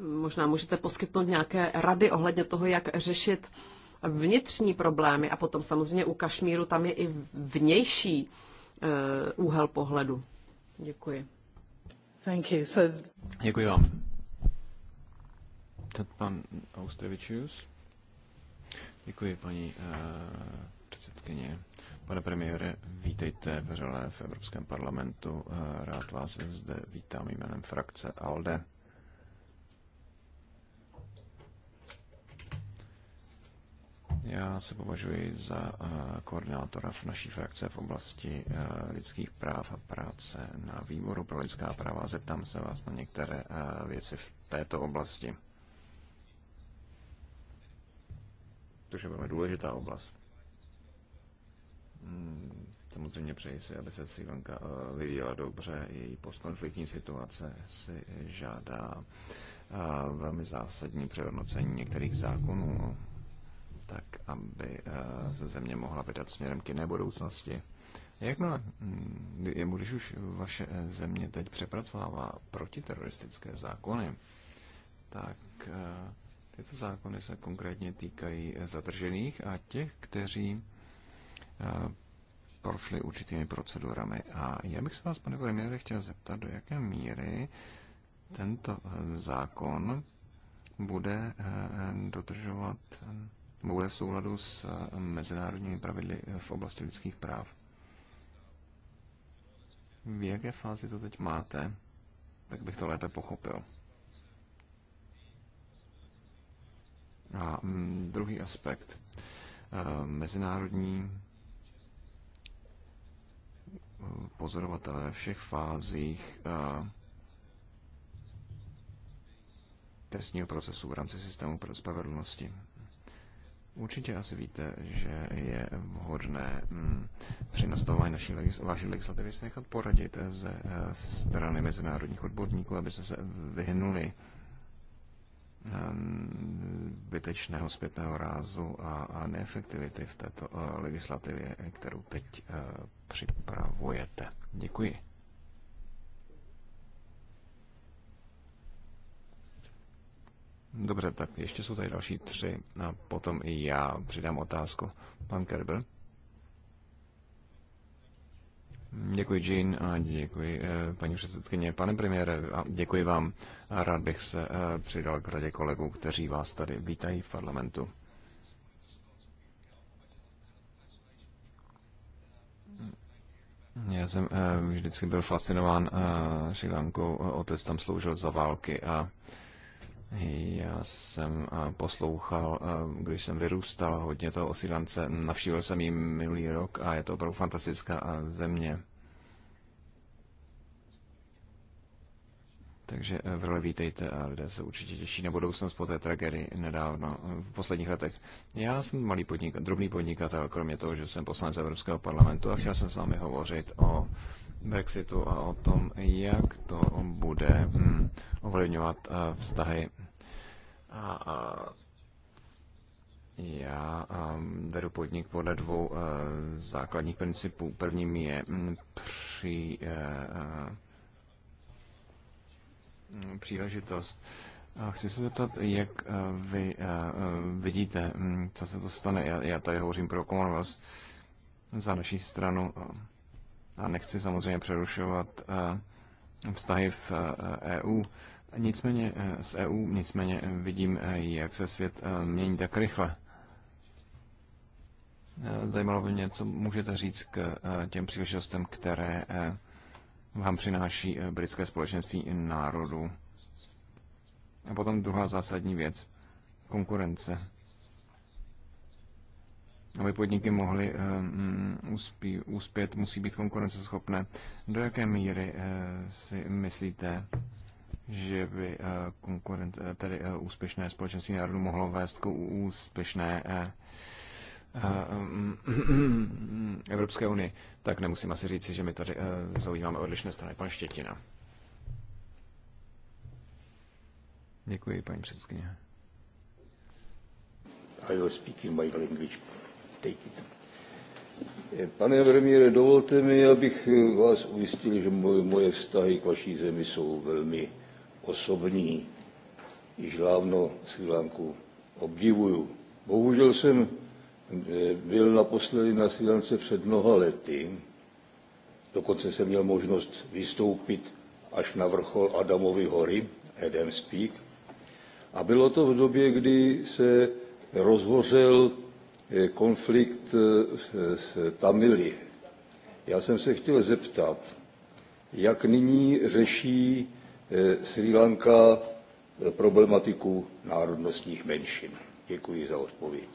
Možná můžete poskytnout nějaké rady ohledně toho, jak řešit vnitřní problémy a potom samozřejmě u Kašmíru tam je i vnější eh, úhel pohledu. Děkuji. Thank you. So... Děkuji vám. Tad pan Austrevičius. Děkuji, paní uh předsedkyně. Pane premiére, vítejte vřele v Evropském parlamentu. Eh, rád vás zde vítám jménem frakce ALDE. Já se považuji za eh, koordinátora v naší frakce v oblasti eh, lidských práv a práce na výboru pro lidská práva. Zeptám se vás na některé eh, věci v této oblasti. To je velmi důležitá oblast. Hmm, samozřejmě přeji si, aby se Sivanka vyvíjela dobře. Její postkonfliktní situace si žádá velmi zásadní přehodnocení některých zákonů tak aby eh, se země mohla vydat směrem k jiné budoucnosti. Jakmile, no, když už vaše eh, země teď přepracovává protiteroristické zákony, tak eh, tyto zákony se konkrétně týkají zadržených a těch, kteří prošli určitými procedurami. A já bych se vás, pane premiére, chtěl zeptat, do jaké míry tento zákon bude dodržovat bude v souladu s eh, mezinárodními pravidly eh, v oblasti lidských práv. V jaké fázi to teď máte, tak bych to lépe pochopil. A mm, druhý aspekt. Eh, mezinárodní pozorovatelé ve všech fázích trestního procesu v rámci systému spravedlnosti. Určitě asi víte, že je vhodné mm, při nastavování naší legis- vaší legislativy se nechat poradit ze eh, strany mezinárodních odborníků, aby se, se vyhnuli mm, zbytečného zpětného rázu a, a neefektivity v této eh, legislativě, kterou teď eh, připravujete. Děkuji. Dobře, tak ještě jsou tady další tři a potom i já přidám otázku. Pan Kerbel. Děkuji, Jean, a děkuji, eh, paní předsedkyně. Pane premiére, a děkuji vám. A rád bych se eh, přidal k radě kolegů, kteří vás tady vítají v parlamentu. Já jsem eh, vždycky byl fascinován Šilankou. Otec tam sloužil za války a já jsem poslouchal, když jsem vyrůstal, hodně toho osídlance. Navštívil jsem ji minulý rok a je to opravdu fantastická země. Takže e, vrle vítejte a lidé se určitě těší na budoucnost po té tragédii nedávno, e, v posledních letech. Já jsem malý podnik, drobný podnikatel, kromě toho, že jsem poslanec Evropského parlamentu a chtěl jsem s vámi hovořit o Brexitu a o tom, jak to bude ovlivňovat eh, vztahy. A, a já ehm, vedu podnik podle dvou eh, základních principů. Prvním je mm, při eh, příležitost. A chci se zeptat, jak vy vidíte, mm, co se to stane. Já, já tady hovořím pro Commonwealth za naší stranu a nechci samozřejmě přerušovat vztahy v EU. Nicméně eh, z EU, nicméně eh, vidím, eh, jak se svět mění tak rychle. Zajímalo by mě, co můžete říct k těm příležitostem, které vám přináší britské společenství národů. A potom druhá zásadní věc. Konkurence. Aby podniky mohly mm, uspět, musí být konkurenceschopné. Do jaké míry si myslíte, že by eh, konkurence eh, tedy eh, úspěšné společenství národů mohlo vést k úspěšné <clears throat> Evropské unii, tak nemusím asi říci, že my tady zaujímáme odlišné strany. Pan Štětina. Děkuji, paní předsedkyně. I will speak in my language. Take it. Pane premiére, dovolte mi, abych vás ujistil, že moje, moje vztahy k vaší zemi jsou velmi osobní. Již dávno Sri Lanku obdivuju. Bohužel jsem eh, byl naposledy na Sri Lance před mnoha lety. Dokonce jsem měl možnost vystoupit až na vrchol Adamovy hory, Adam's Peak. A bylo to v době, kdy se rozhořel eh, konflikt eh, s Tamily. Já jsem se chtěl zeptat, jak nyní řeší Eh, Sri Lanka eh, problematiku národnostních menšin. Děkuji za odpověď.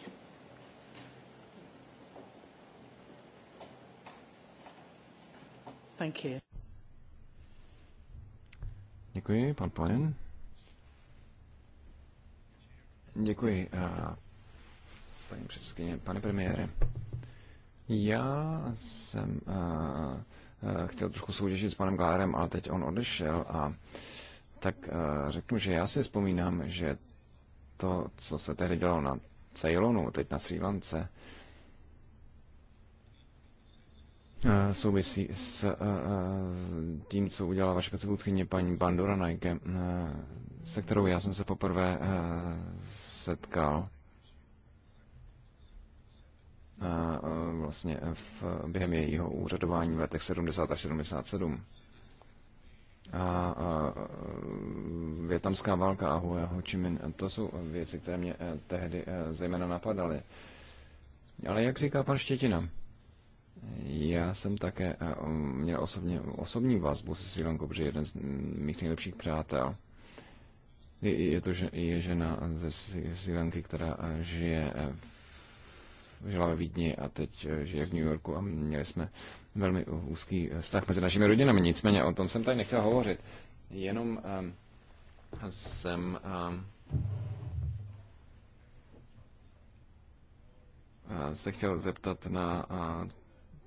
Thank you. Děkuji, pan Pojen. Děkuji, eh, paní předsedkyně, pane premiére. Já jsem Eh, chtěl trošku soutěžit s panem Glárem, ale teď on odešel a tak eh, řeknu, že já si vzpomínám, že to, co se tehdy dělalo na Ceylonu, teď na Sri Lance, eh, souvisí s tím, co udělala vaše předchůdkyně paní Bandura Nike, se kterou já jsem se poprvé setkal vlastně v, během jejího úřadování v letech 70 až 77. A, a větnamská válka a Hue Ho Chi Minh, to jsou věci, které mě eh, tehdy eh, zejména napadaly. Ale jak říká pan Štětina, já jsem také eh, měl osobně, osobní vazbu se Sri Lankou, protože jeden z mých nejlepších přátel je, je to, že je žena ze Sri Lanky, která žije v žila ve Vídni a teď eh, žije v New Yorku a měli jsme velmi úzký eh, vztah mezi našimi rodinami. Nicméně o tom jsem tady nechtěl hovořit. Jenom ehm, jsem ehm, eh, se chtěl zeptat na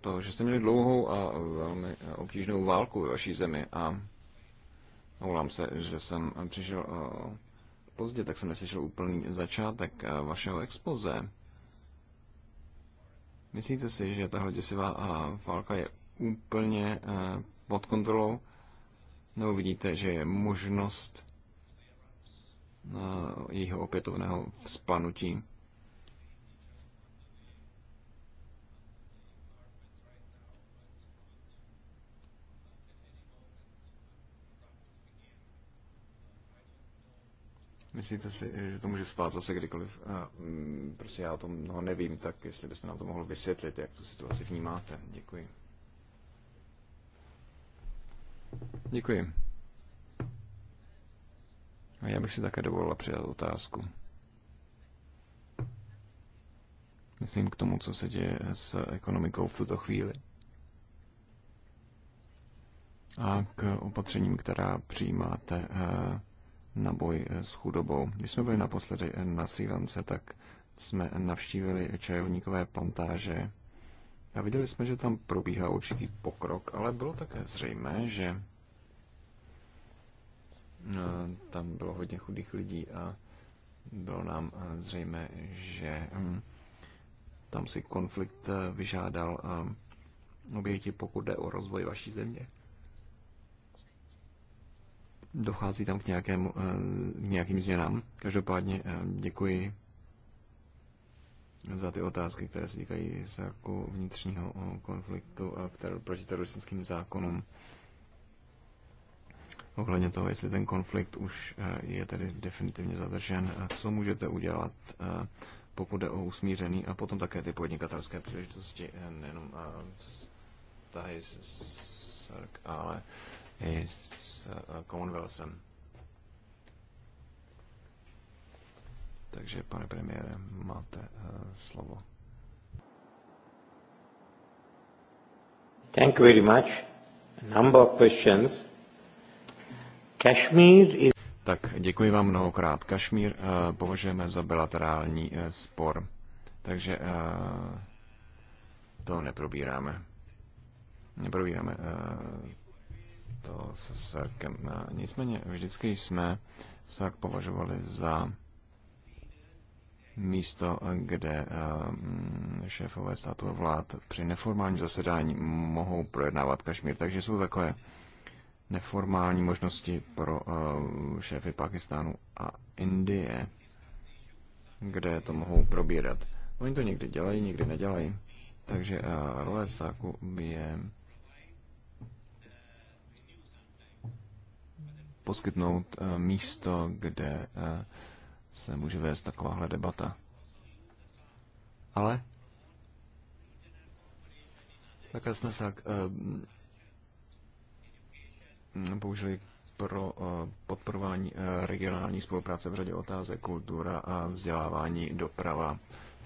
to, že jste měli dlouhou a velmi obtížnou válku ve vaší zemi a Omlouvám se, že jsem přišel pozdě, tak jsem neslyšel úplný začátek vašeho expoze. Myslíte si, že tahle děsivá válka je úplně pod kontrolou? Nebo vidíte, že je možnost jejího opětovného vzplanutí? Myslíte si, že to může spát zase kdykoliv? A, mm, prostě já o tom mnoho nevím, tak jestli byste nám to mohl vysvětlit, jak tu situaci vnímáte. Děkuji. Děkuji. A já bych si také dovolila přidat otázku. Myslím k tomu, co se děje s ekonomikou v tuto chvíli. A k opatřením, která přijímáte. Eh, na boj eh, s chudobou. Když jsme byli naposledy eh, na Sri tak jsme navštívili čajovníkové plantáže a viděli jsme, že tam probíhá určitý pokrok, ale bylo také zřejmé, že eh, tam bylo hodně chudých lidí a bylo nám zřejmé, že hm, tam si konflikt vyžádal oběti, pokud jde o rozvoj vaší země dochází tam k, nějakému, k nějakým změnám. Každopádně děkuji za ty otázky, které se týkají jako vnitřního konfliktu a které proti teroristickým zákonům ohledně toho, jestli ten konflikt už je tedy definitivně zadržen a co můžete udělat, pokud jde o usmířený a potom také ty podnikatelské příležitosti, nejenom vztahy s SARK, ale i s eh, Commonwealthem. Takže, pane premiére, máte uh, slovo. Thank you very much. A number of questions. Kashmir is... Tak děkuji vám mnohokrát. Kašmír uh, eh, považujeme za bilaterální uh, spor, takže uh, to neprobíráme. Neprobíráme uh, to se Sarkem. Nicméně vždycky jsme Sark považovali za místo, kde mm, šéfové státu vlád při neformálním zasedání mohou projednávat Kašmír. Takže jsou takové neformální možnosti pro šéfy Pakistánu a Indie, kde to mohou probírat. Oni to někdy dělají, někdy nedělají. Takže role by je poskytnout eh, místo, kde eh, se může vést takováhle debata. Ale také jsme se eh, mm, použili pro podporování regionální spolupráce v řadě otázek, kultura a vzdělávání, doprava,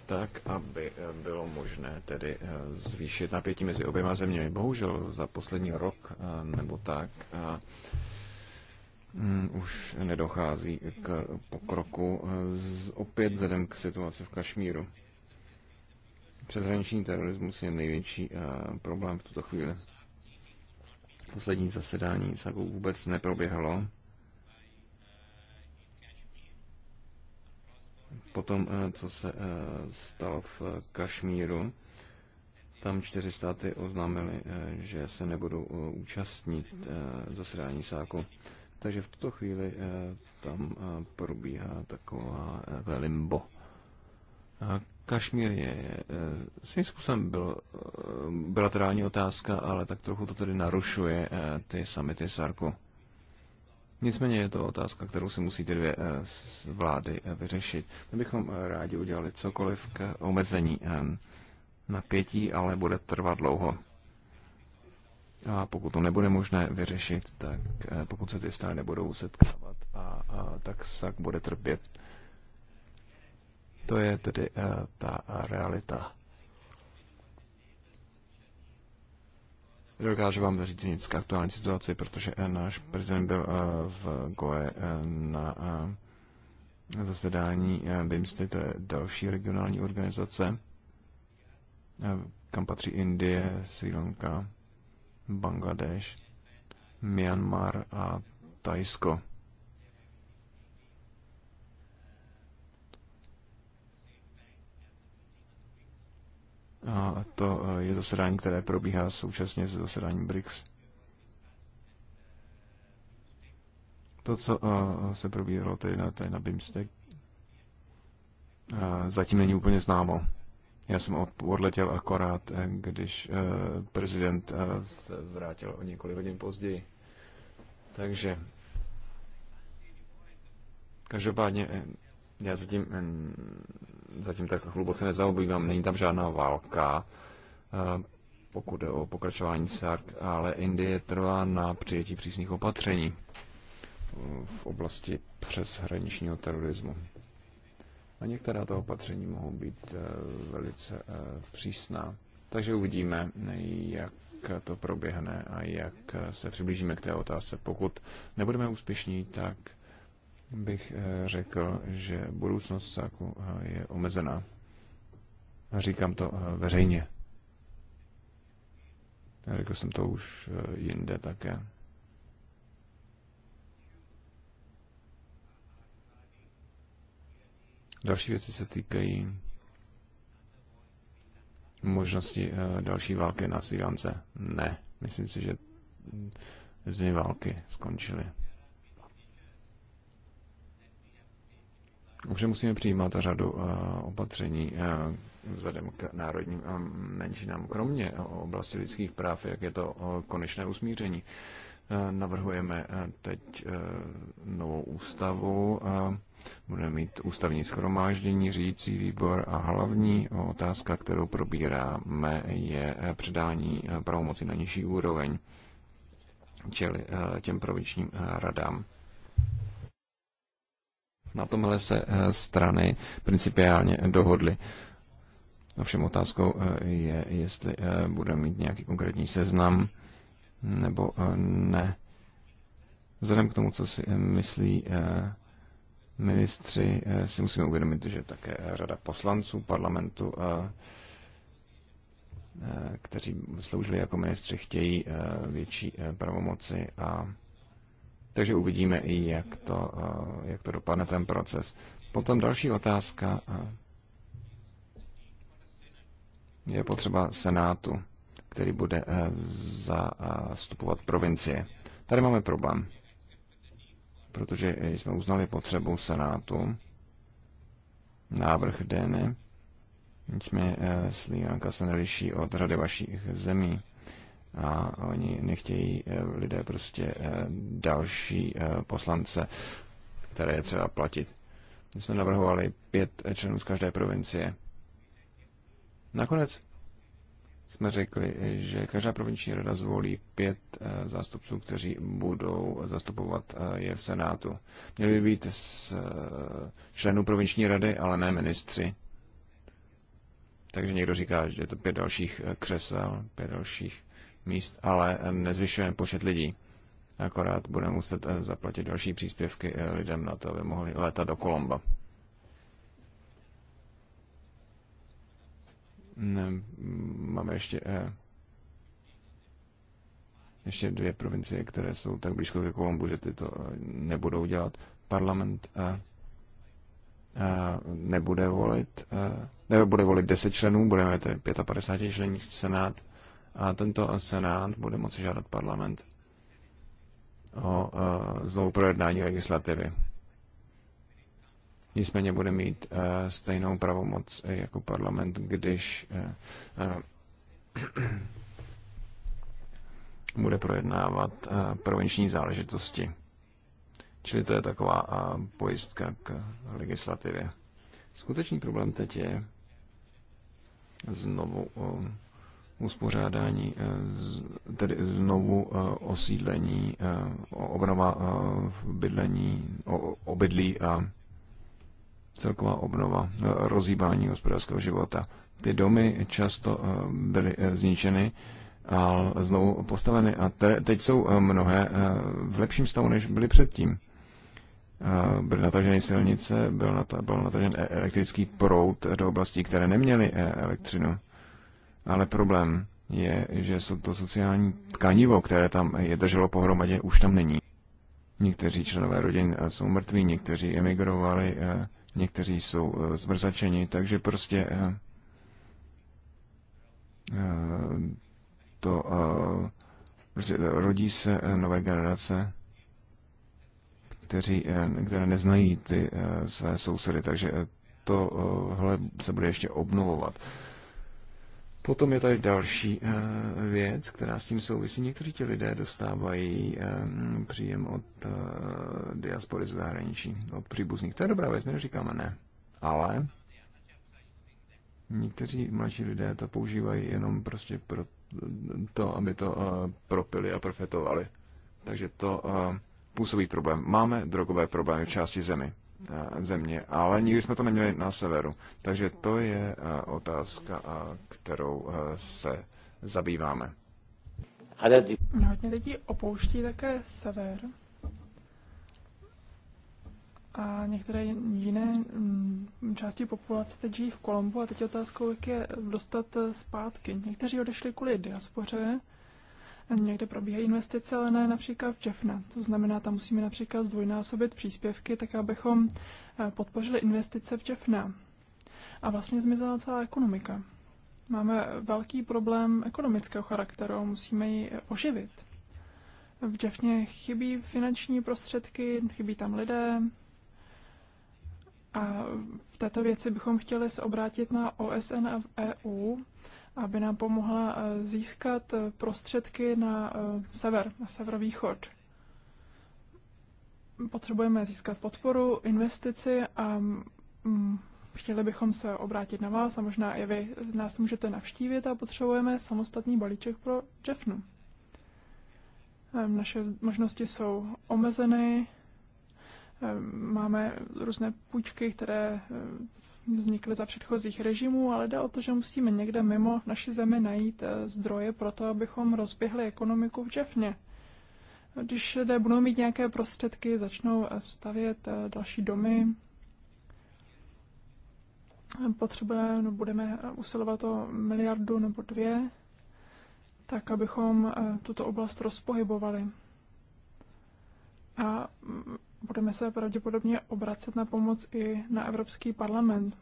tak, aby bylo možné tedy zvýšit napětí mezi oběma zeměmi. Bohužel za poslední rok nebo tak Hmm, už nedochází k pokroku eh, z, opět vzhledem k situaci v Kašmíru. Přeshraniční terorismus je největší eh, problém v tuto chvíli. Poslední zasedání SAGU vůbec neproběhlo. Potom, eh, co se stalo v Kašmíru, tam čtyři státy oznámily, že se nebudou účastnit zasedání sáku. Takže v tuto chvíli eh, tam eh, probíhá taková, eh, takové limbo. A Kašmír je svým způsobem byl, bilaterální otázka, ale tak trochu to tedy narušuje ty samity Sarku. Nicméně je to otázka, kterou si musí ty dvě vlády vyřešit. My bychom rádi udělali cokoliv k omezení napětí, ale bude trvat dlouho. A pokud to nebude možné vyřešit, tak eh, pokud se ty stále nebudou setkávat, a, a, tak SAK bude trpět. To je tedy a, eh, ta realita. Dokážu vám říct nic k aktuální situaci, protože eh, náš prezident byl v Goe na zasedání BIMSTY, to je další regionální organizace, kam patří Indie, Sri Lanka, Bangladeš, Myanmar a Tajsko. A to eh, je zasedání, které probíhá současně se zasedáním BRICS. To, co eh, se probíralo tady na, tady na BIMSTEC, eh, zatím není úplně známo. Já jsem odletěl akorát, eh, když eh, prezident eh, se vrátil o několik hodin později. Takže každopádně já zatím, zatím tak hluboce nezaobývám, není tam žádná válka, pokud je o pokračování SARC, ale Indie trvá na přijetí přísných opatření v oblasti přeshraničního terorismu a některá to opatření mohou být eh, velice eh, přísná. Takže uvidíme, jak to proběhne a jak eh, se přiblížíme k té otázce. Pokud nebudeme úspěšní, tak bych řekl, že budoucnost SAKu je omezená. Říkám to veřejně. Řekl jsem to už jinde také. Další věci se týkají možnosti eh, další války na Sri Ne, myslím si, že ty války skončily. Už musíme přijímat řadu eh, opatření eh, vzhledem k národním menšinám, kromě oblasti lidských práv, jak je to konečné usmíření. Navrhujeme teď novou ústavu, Budeme mít ústavní schromáždění, řídící výbor a hlavní otázka, kterou probíráme, je předání pravomoci na nižší úroveň, čili eh, těm provinčním eh, radám. Na tomhle se eh, strany principiálně dohodly. Ovšem otázkou je, jestli budeme mít nějaký konkrétní seznam nebo ne. Vzhledem k tomu, co si myslí ministři, eh, si musíme uvědomit, že také řada poslanců parlamentu, eh, eh, kteří sloužili jako ministři, chtějí větší pravomoci a takže uvidíme i, jak to, jak to dopadne ten proces. Potom další otázka je potřeba senátu, který bude zastupovat provincie. Tady máme problém protože jsme uznali potřebu Senátu, návrh DN, e. nicméně eh, Slíjanka se neliší od řady vašich zemí a oni nechtějí eh, lidé prostě eh, další poslance, které je třeba platit. My jsme navrhovali pět členů z každé provincie. Nakonec jsme řekli, že každá provinční rada zvolí pět eh, zástupců, kteří budou zastupovat eh, je v Senátu. Měli by být z eh, členů provinční rady, ale ne ministři. Takže někdo říká, že je to pět dalších křesel, pět dalších míst, ale nezvyšujeme počet lidí. Akorát budeme muset zaplatit další příspěvky lidem na to, aby mohli letat do Kolomba. Máme ještě eh, ještě dvě provincie, které jsou tak blízko ke Kolumbu, že ty to eh, nebudou dělat. Parlament a, eh, a nebude volit, a, nebo bude volit 10 členů, budeme tedy 55 člení senát a tento senát bude moci žádat parlament o a, znovu projednání legislativy. Nicméně bude mít eh, stejnou pravomoc jako parlament, když eh, eh, <clears throat> bude projednávat provinční záležitosti. Čili to je taková pojistka k legislativě. Skutečný problém teď je znovu uspořádání, tedy znovu osídlení, obnova bydlení, obydlí a celková obnova, eh, rozhýbání hospodářského života. Ty domy často eh, byly eh, zničeny a znovu postaveny a te, teď jsou mnohé v lepším stavu, než byly předtím. Byly nataženy silnice, byl, nat, byl natažen e-, elektrický proud do oblastí, které neměly elektřinu. Ale problém je, že to sociální tkanivo, které tam je drželo pohromadě, už tam není. Někteří členové rodin jsou mrtví, někteří emigrovali, někteří jsou eh, zmrzačeni, takže prostě eh, eh, to prostě rodí se nové generace, kteří, které neznají ty své sousedy, takže tohle se bude ještě obnovovat. Potom je tady další eh, věc, která s tím souvisí. Někteří ti lidé dostávají eh, příjem od eh, diaspory z zahraničí, od příbuzných. To je dobrá věc, my neříkáme ne. Ale někteří mladší lidé to používají jenom prostě pro to, aby to propili a profetovali. Takže to působí problém. Máme drogové problémy v části zemi. Eh, země, ale nikdy jsme to neměli na severu. Takže to je eh, otázka, kterou eh, se zabýváme. Hodně lidí opouští také sever a některé jiné mm, části populace teď žijí v Kolombu a teď otázkou, jak je dostat zpátky. Někteří odešli kvůli diaspoře, Někde probíhají investice, ale ne například v Jeffna. To znamená, tam musíme například zdvojnásobit příspěvky, tak abychom eh, podpořili investice v Jeffna. A vlastně zmizela celá ekonomika. Máme velký problém ekonomického charakteru, musíme ji eh, oživit. V Jeffně chybí finanční prostředky, chybí tam lidé, a v této věci bychom chtěli se obrátit na OSN a EU, aby nám pomohla eh, získat eh, prostředky na eh, sever, na severovýchod. Potřebujeme získat podporu, investici a mm, chtěli bychom se obrátit na vás a možná i vy nás můžete navštívit a potřebujeme samostatný balíček pro Jeffnu. Naše možnosti jsou omezené, máme různé půjčky, které vznikly za předchozích režimů, ale jde o to, že musíme někde mimo naši zemi najít eh, zdroje pro to, abychom rozběhli ekonomiku v Džefně. Když lidé budou mít nějaké prostředky, začnou eh, stavět eh, další domy, potřebujeme, no budeme usilovat o miliardu nebo dvě, tak abychom tuto oblast rozpohybovali. A mm, budeme se pravděpodobně obracet na pomoc i na Evropský parlament.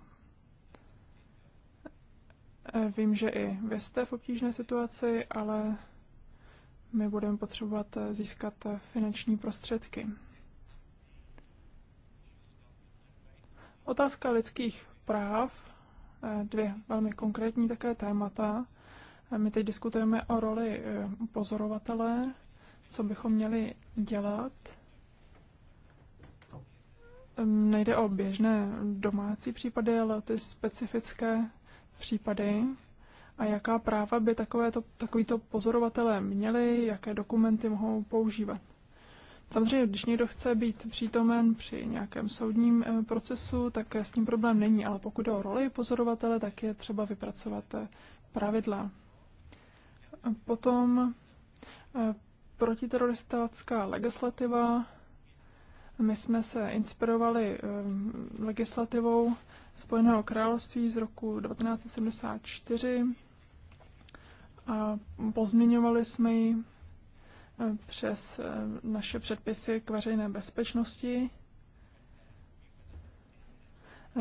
E, vím, že i vy jste v obtížné situaci, ale my budeme potřebovat e, získat e, finanční prostředky. Otázka lidských práv, dvě velmi konkrétní také témata. My teď diskutujeme o roli pozorovatele, co bychom měli dělat Ehm, nejde o běžné domácí případy, ale o ty specifické případy. A jaká práva by takovéto, takovýto pozorovatelé měli, jaké dokumenty mohou používat. Samozřejmě, když někdo chce být přítomen při nějakém soudním ehm, procesu, tak eh, s tím problém není, ale pokud jde o roli pozorovatele, tak je třeba vypracovat eh, pravidla. Potom eh, protiteroristická legislativa, my jsme se inspirovali ehm, legislativou Spojeného království z roku 1974 a pozměňovali jsme ji ehm, přes ehm, naše předpisy k veřejné bezpečnosti.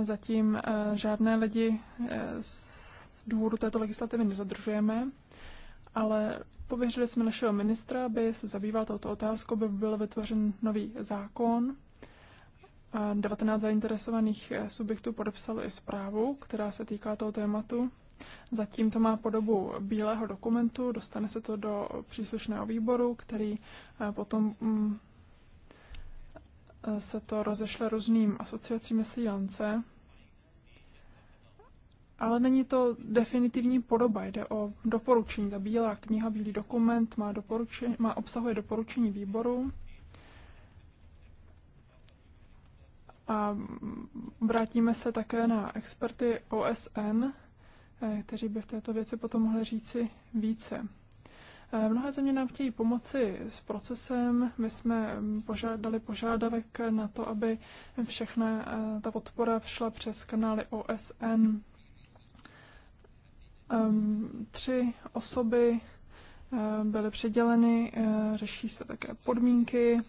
Zatím žádné lidi z důvodu této legislativy nezadržujeme ale pověřili jsme našeho ministra, aby se zabýval touto otázkou, by byl vytvořen nový zákon. 19 zainteresovaných eh, subjektů podepsalo i zprávu, která se týká toho tématu. Zatím to má podobu bílého dokumentu, dostane se to do příslušného výboru, který eh, potom mm, eh, se to rozešle různým asociacím Sri Lance ale není to definitivní podoba, jde o doporučení. Ta bílá kniha, bílý dokument má, doporučení, má obsahuje doporučení výboru a vrátíme se také na experty OSN, eh, kteří by v této věci potom mohli říci více. Eh, mnohé země nám chtějí pomoci s procesem. My jsme mm, požádali požádavek na to, aby všechna eh, ta podpora šla přes kanály OSN Ehm, tři osoby ehm, byly předěleny, ehm, řeší se také podmínky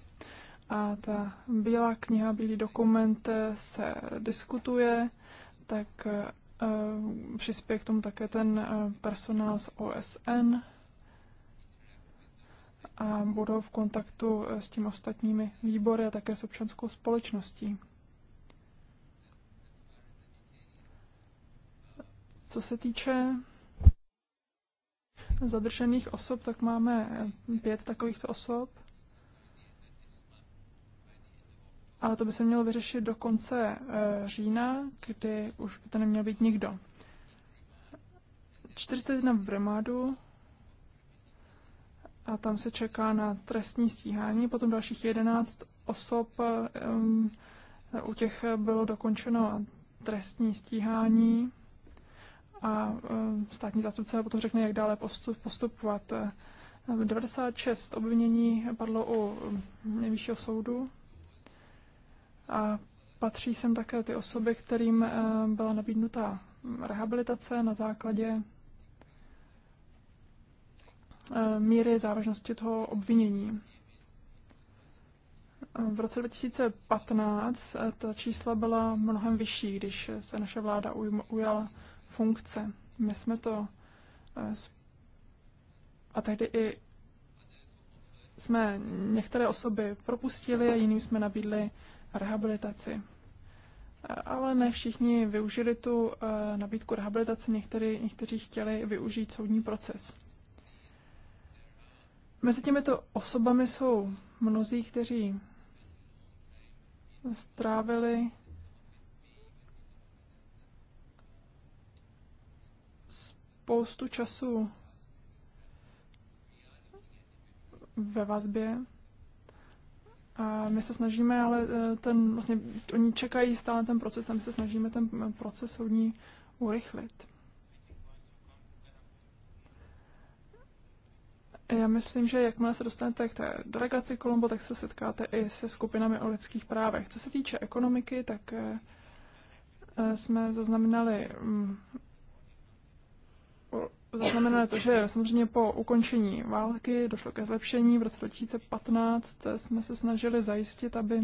a ta bílá kniha, bílý dokument eh, se diskutuje, tak přispěje k tomu také ten personál z OSN a budou v kontaktu eh, s tím ostatními výbory a také s občanskou společností. Co se týče zadržených osob, tak máme pět takovýchto osob. Ale to by se mělo vyřešit do konce eh, října, kdy už by to neměl být nikdo. 41 v Bremádu a tam se čeká na trestní stíhání. Potom dalších 11 osob e, u těch bylo dokončeno trestní stíhání a eh, státní zástupce potom řekne, jak dále postup, postupovat. 96 eh, obvinění padlo u eh, nejvyššího soudu a patří sem také ty osoby, kterým byla nabídnuta rehabilitace na základě míry závažnosti toho obvinění. V roce 2015 ta čísla byla mnohem vyšší, když se naše vláda ujala funkce. My jsme to eh, a tehdy i jsme některé osoby propustili a jiným jsme nabídli rehabilitaci. Eh, ale ne všichni využili tu eh, nabídku rehabilitace, Někteří, někteří chtěli využít soudní proces. Mezi těmito osobami jsou mnozí, kteří strávili spoustu času ve vazbě. A my se snažíme, ale e, ten, vlastně, oni čekají stále ten proces a my se snažíme ten proces soudní urychlit. Já myslím, že jakmile se dostanete k té delegaci Kolombo, tak se setkáte i se skupinami o lidských právech. Co se týče ekonomiky, tak e, e, jsme zaznamenali mm, zaznamenali to, že samozřejmě po ukončení války došlo ke zlepšení. V roce 2015 jsme se snažili zajistit, aby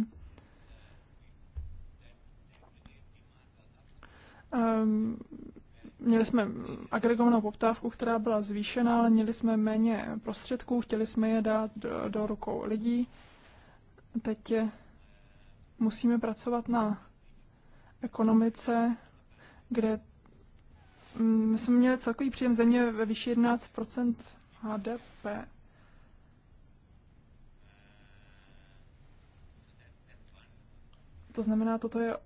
um, měli jsme agregovanou poptávku, která byla zvýšená, ale měli jsme méně prostředků, chtěli jsme je dát do, do rukou lidí. Teď musíme pracovat na ekonomice, kde Mm, jsme měli celkový příjem země ve výši 11 HDP. To znamená, toto je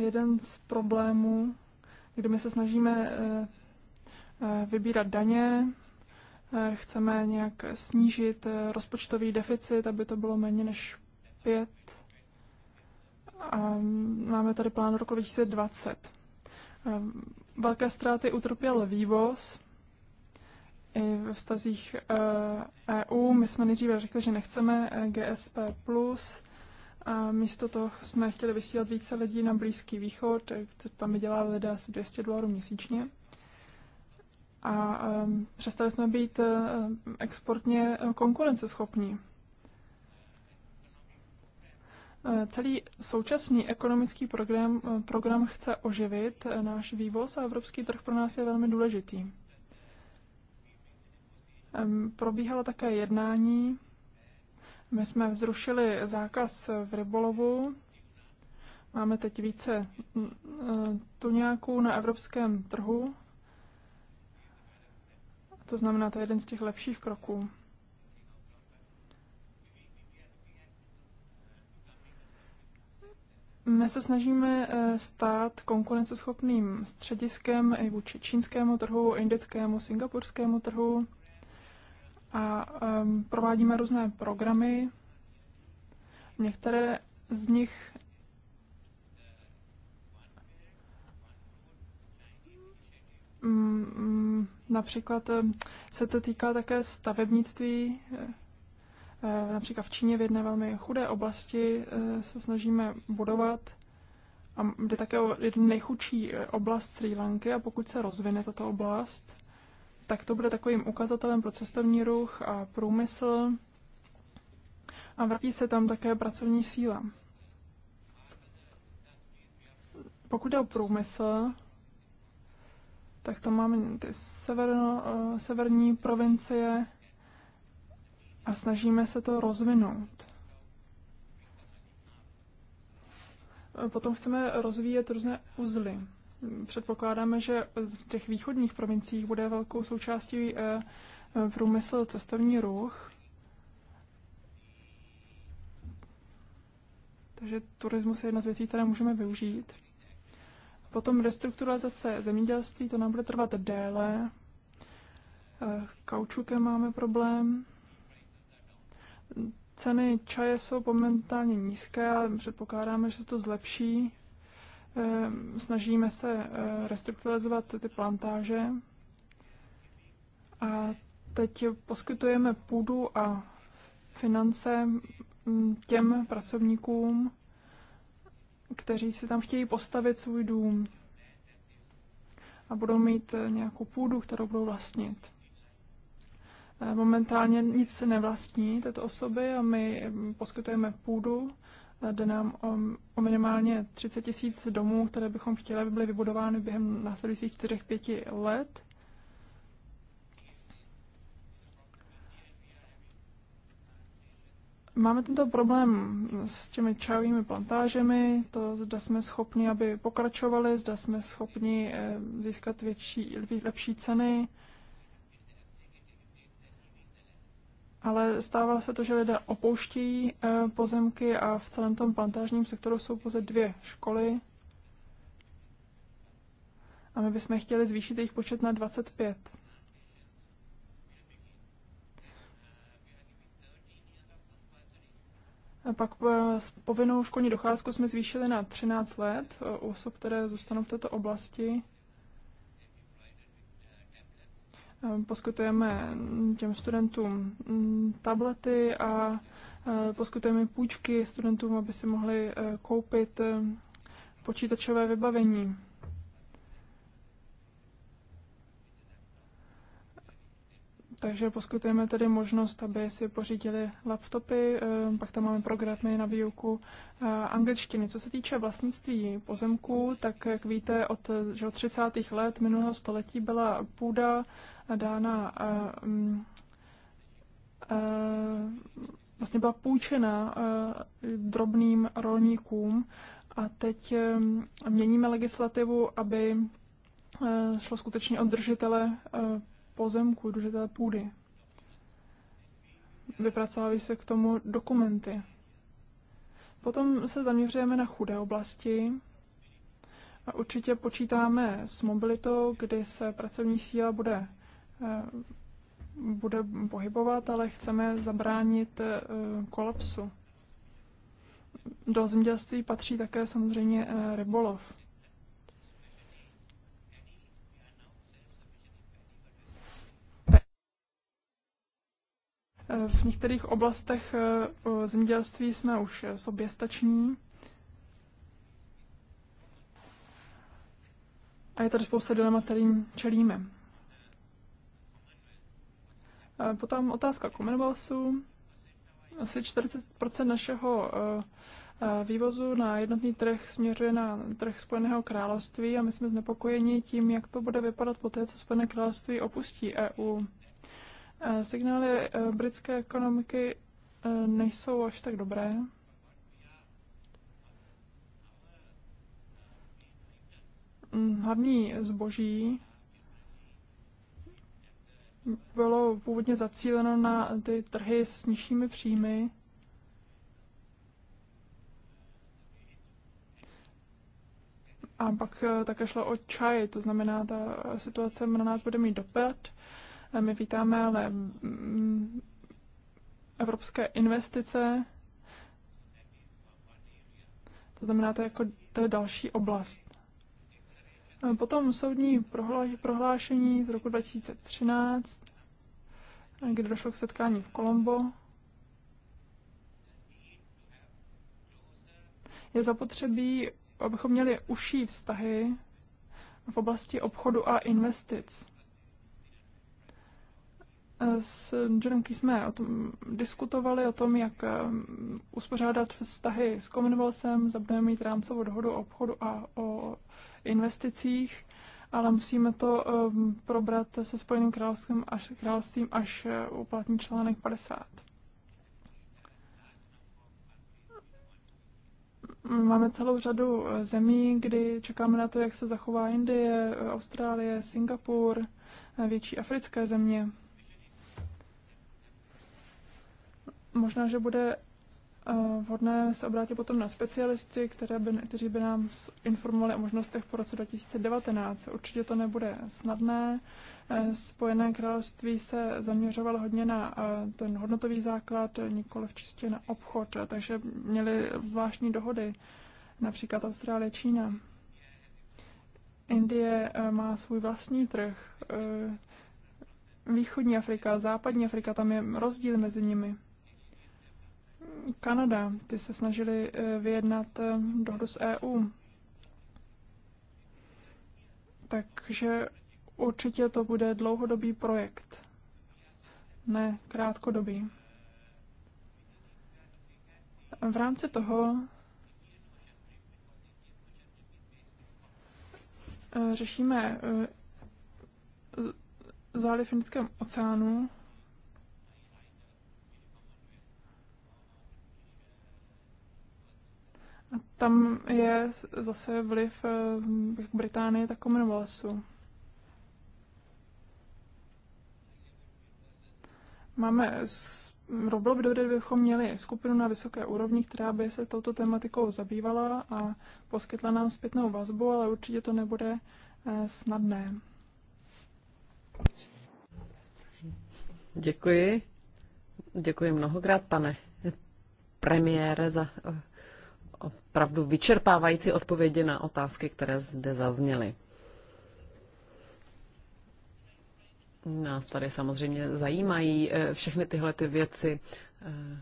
jeden z problémů, kdy my se snažíme eh, eh, vybírat daně, eh, chceme nějak snížit rozpočtový deficit, aby to bylo méně než 5. A máme tady plán roku 2020. Ehm, Velké ztráty utrpěl vývoz i ve vztazích EU. Eh, e My jsme nejdříve řekli, že nechceme eh, GSP+, a místo toho jsme chtěli vysílat více lidí na Blízký východ, eh, tam vydělá lidé asi 200 dolarů měsíčně. A um, přestali jsme být uh, exportně konkurenceschopní. Eh, celý současný ekonomický program, eh, program chce oživit eh, náš vývoz a evropský trh pro nás je velmi důležitý. Probíhalo také jednání. My jsme vzrušili zákaz v rybolovu. Máme teď více mm, tuňáků na evropském trhu. To znamená, to je jeden z těch lepších kroků. My se snažíme eh, stát konkurenceschopným střediskem i vůči čínskému trhu, indickému, singapurskému trhu a um, provádíme různé programy. Některé z nich um, například ehm, se to týká také stavebnictví, eh, Eh, například v Číně v jedné velmi chudé oblasti eh, se snažíme budovat a jde také o jednu nejchudší eh, oblast Sri Lanky a pokud se rozvine tato oblast, tak to bude takovým ukazatelem pro cestovní ruch a průmysl a vrátí se tam také pracovní síla. Pokud jde o průmysl, tak tam máme ty severno, severní provincie, a snažíme se to rozvinout. Potom chceme rozvíjet různé uzly. Předpokládáme, že v těch východních provinciích bude velkou součástí eh, průmysl cestovní ruch. Takže turismus je jedna z věcí, které můžeme využít. Potom restrukturalizace zemědělství, to nám bude trvat déle. Eh, kaučukem máme problém. Ceny čaje jsou momentálně nízké, ale předpokládáme, že se to zlepší. Ehm, snažíme se eh, restrukturalizovat ty plantáže a teď poskytujeme půdu a finance mm, těm pracovníkům, kteří si tam chtějí postavit svůj dům a budou mít eh, nějakou půdu, kterou budou vlastnit. Eh, momentálně nic se nevlastní této osoby a my eh, poskytujeme půdu. Jde nám o, o minimálně 30 tisíc domů, které bychom chtěli, aby byly vybudovány během následujících 4-5 let. Máme tento problém s těmi čajovými plantážemi, to zda jsme schopni, aby pokračovali, zda jsme schopni eh, získat větší, lepší ceny. ale stává se to, že lidé opouštějí eh, pozemky a v celém tom plantážním sektoru jsou pouze dvě školy. A my bychom chtěli zvýšit jejich počet na 25. A pak eh, povinnou školní docházku jsme zvýšili na 13 let eh, u osob, které zůstanou v této oblasti. Ehm, poskytujeme těm studentům mm, tablety a eh, poskytujeme půjčky studentům, aby si mohli eh, koupit eh, počítačové vybavení. takže poskytujeme tedy možnost, aby si pořídili laptopy, eh, pak tam máme programy na výuku eh, angličtiny. Co se týče vlastnictví pozemků, tak jak víte, od že 30. let minulého století byla půda dána eh, mm, vlastně byla půjčena drobným rolníkům a teď měníme legislativu, aby šlo skutečně o držitele pozemku, držitele půdy. Vypracovali se k tomu dokumenty. Potom se zaměřujeme na chudé oblasti. A určitě počítáme s mobilitou, kdy se pracovní síla bude, eh, bude pohybovat, ale chceme zabránit eh, kolapsu. Do zemědělství patří také samozřejmě eh, rybolov. V některých oblastech eh, eh, zemědělství jsme už eh, soběstační. A je tady spousta dilema, kterým čelíme. Potom otázka Commonwealthu. Asi 40 našeho vývozu na jednotný trh směřuje na trh Spojeného království a my jsme znepokojeni tím, jak to bude vypadat po té, co Spojené království opustí EU. Signály eh, britské ekonomiky eh, nejsou až tak dobré. Mm, hlavní zboží bylo původně zacíleno na ty trhy s nižšími příjmy. A pak eh, také šlo o čaj, to znamená, ta situace na nás bude mít dopad. My vítáme ale mm, evropské investice, to znamená, to je, jako, to je další oblast. Potom soudní prohlášení z roku 2013, kdy došlo k setkání v Kolombo. Je zapotřebí, abychom měli užší vztahy v oblasti obchodu a investic. S Johnem jsme o tom diskutovali, o tom, jak um, uspořádat vztahy s Commonwealthem, za budeme mít rámcovou dohodu o obchodu a o investicích, ale musíme to um, probrat se Spojeným královstvím až, královstvím až uh, uplatní článek 50. Máme celou řadu uh, zemí, kdy čekáme na to, jak se zachová Indie, uh, Austrálie, Singapur, větší africké země. Možná, že bude eh, vhodné se obrátit potom na specialisty, které by, kteří by nám informovali o možnostech po roce 2019. Určitě to nebude snadné. Eh, Spojené království se zaměřovalo hodně na eh, ten hodnotový základ, nikoliv čistě na obchod, takže měli zvláštní dohody, například Austrálie, Čína. Indie má svůj vlastní trh. Východní Afrika, západní Afrika, tam je rozdíl mezi nimi. Kanada. Ty se snažili eh, vyjednat eh, dohodu s EU. Takže určitě to bude dlouhodobý projekt, ne krátkodobý. V rámci toho eh, řešíme záliv Indickém oceánu tam je zase vliv eh, jak Británie, tak Commonwealthu. Máme Roblox, kde bychom měli skupinu na vysoké úrovni, která by se touto tematikou zabývala a poskytla nám zpětnou vazbu, ale určitě to nebude eh, snadné. Děkuji. Děkuji mnohokrát, pane premiére, za eh, opravdu vyčerpávající odpovědi na otázky, které zde zazněly. Nás tady samozřejmě zajímají eh, všechny tyhle ty věci. Eh,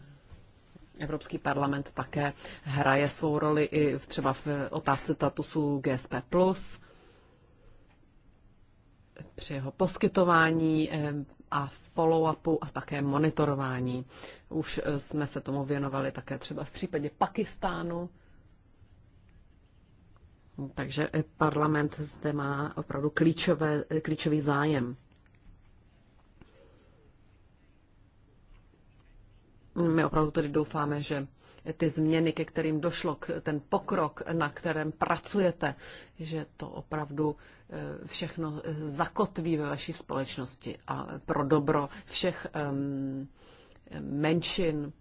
Evropský parlament také hraje svou roli i třeba v otázce statusu GSP+, při jeho poskytování eh, a follow-upu a také monitorování. Už eh, jsme se tomu věnovali také třeba v případě Pakistánu. Takže eh, parlament zde má opravdu klíčové, eh, klíčový zájem. My opravdu tedy doufáme, že ty změny, ke kterým došlo, ten pokrok, na kterém pracujete, že to opravdu e, všechno e, zakotví ve vaší společnosti a pro dobro všech menšin,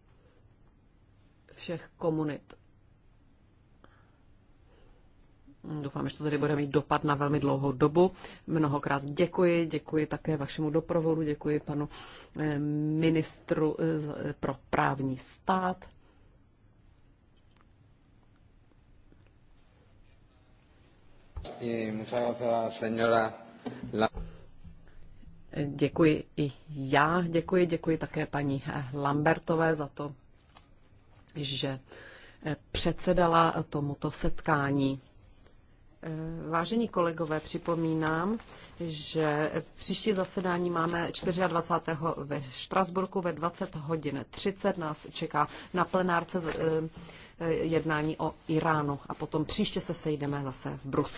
všech komunit. Doufám, že to tady bude mít dopad na velmi dlouhou dobu. Mnohokrát děkuji, děkuji také vašemu doprovodu, děkuji panu ministru e, pro právní stát. Eh, děkuji i já, děkuji, děkuji také paní Lambertové za to, že eh, předsedala tomuto setkání. Eh, vážení kolegové, připomínám, že příští zasedání máme 24. ve Štrasburku ve 20 hodin 30. Nás čeká na plenárce jednání o Iránu a potom příště se sejdeme zase v Bruselu.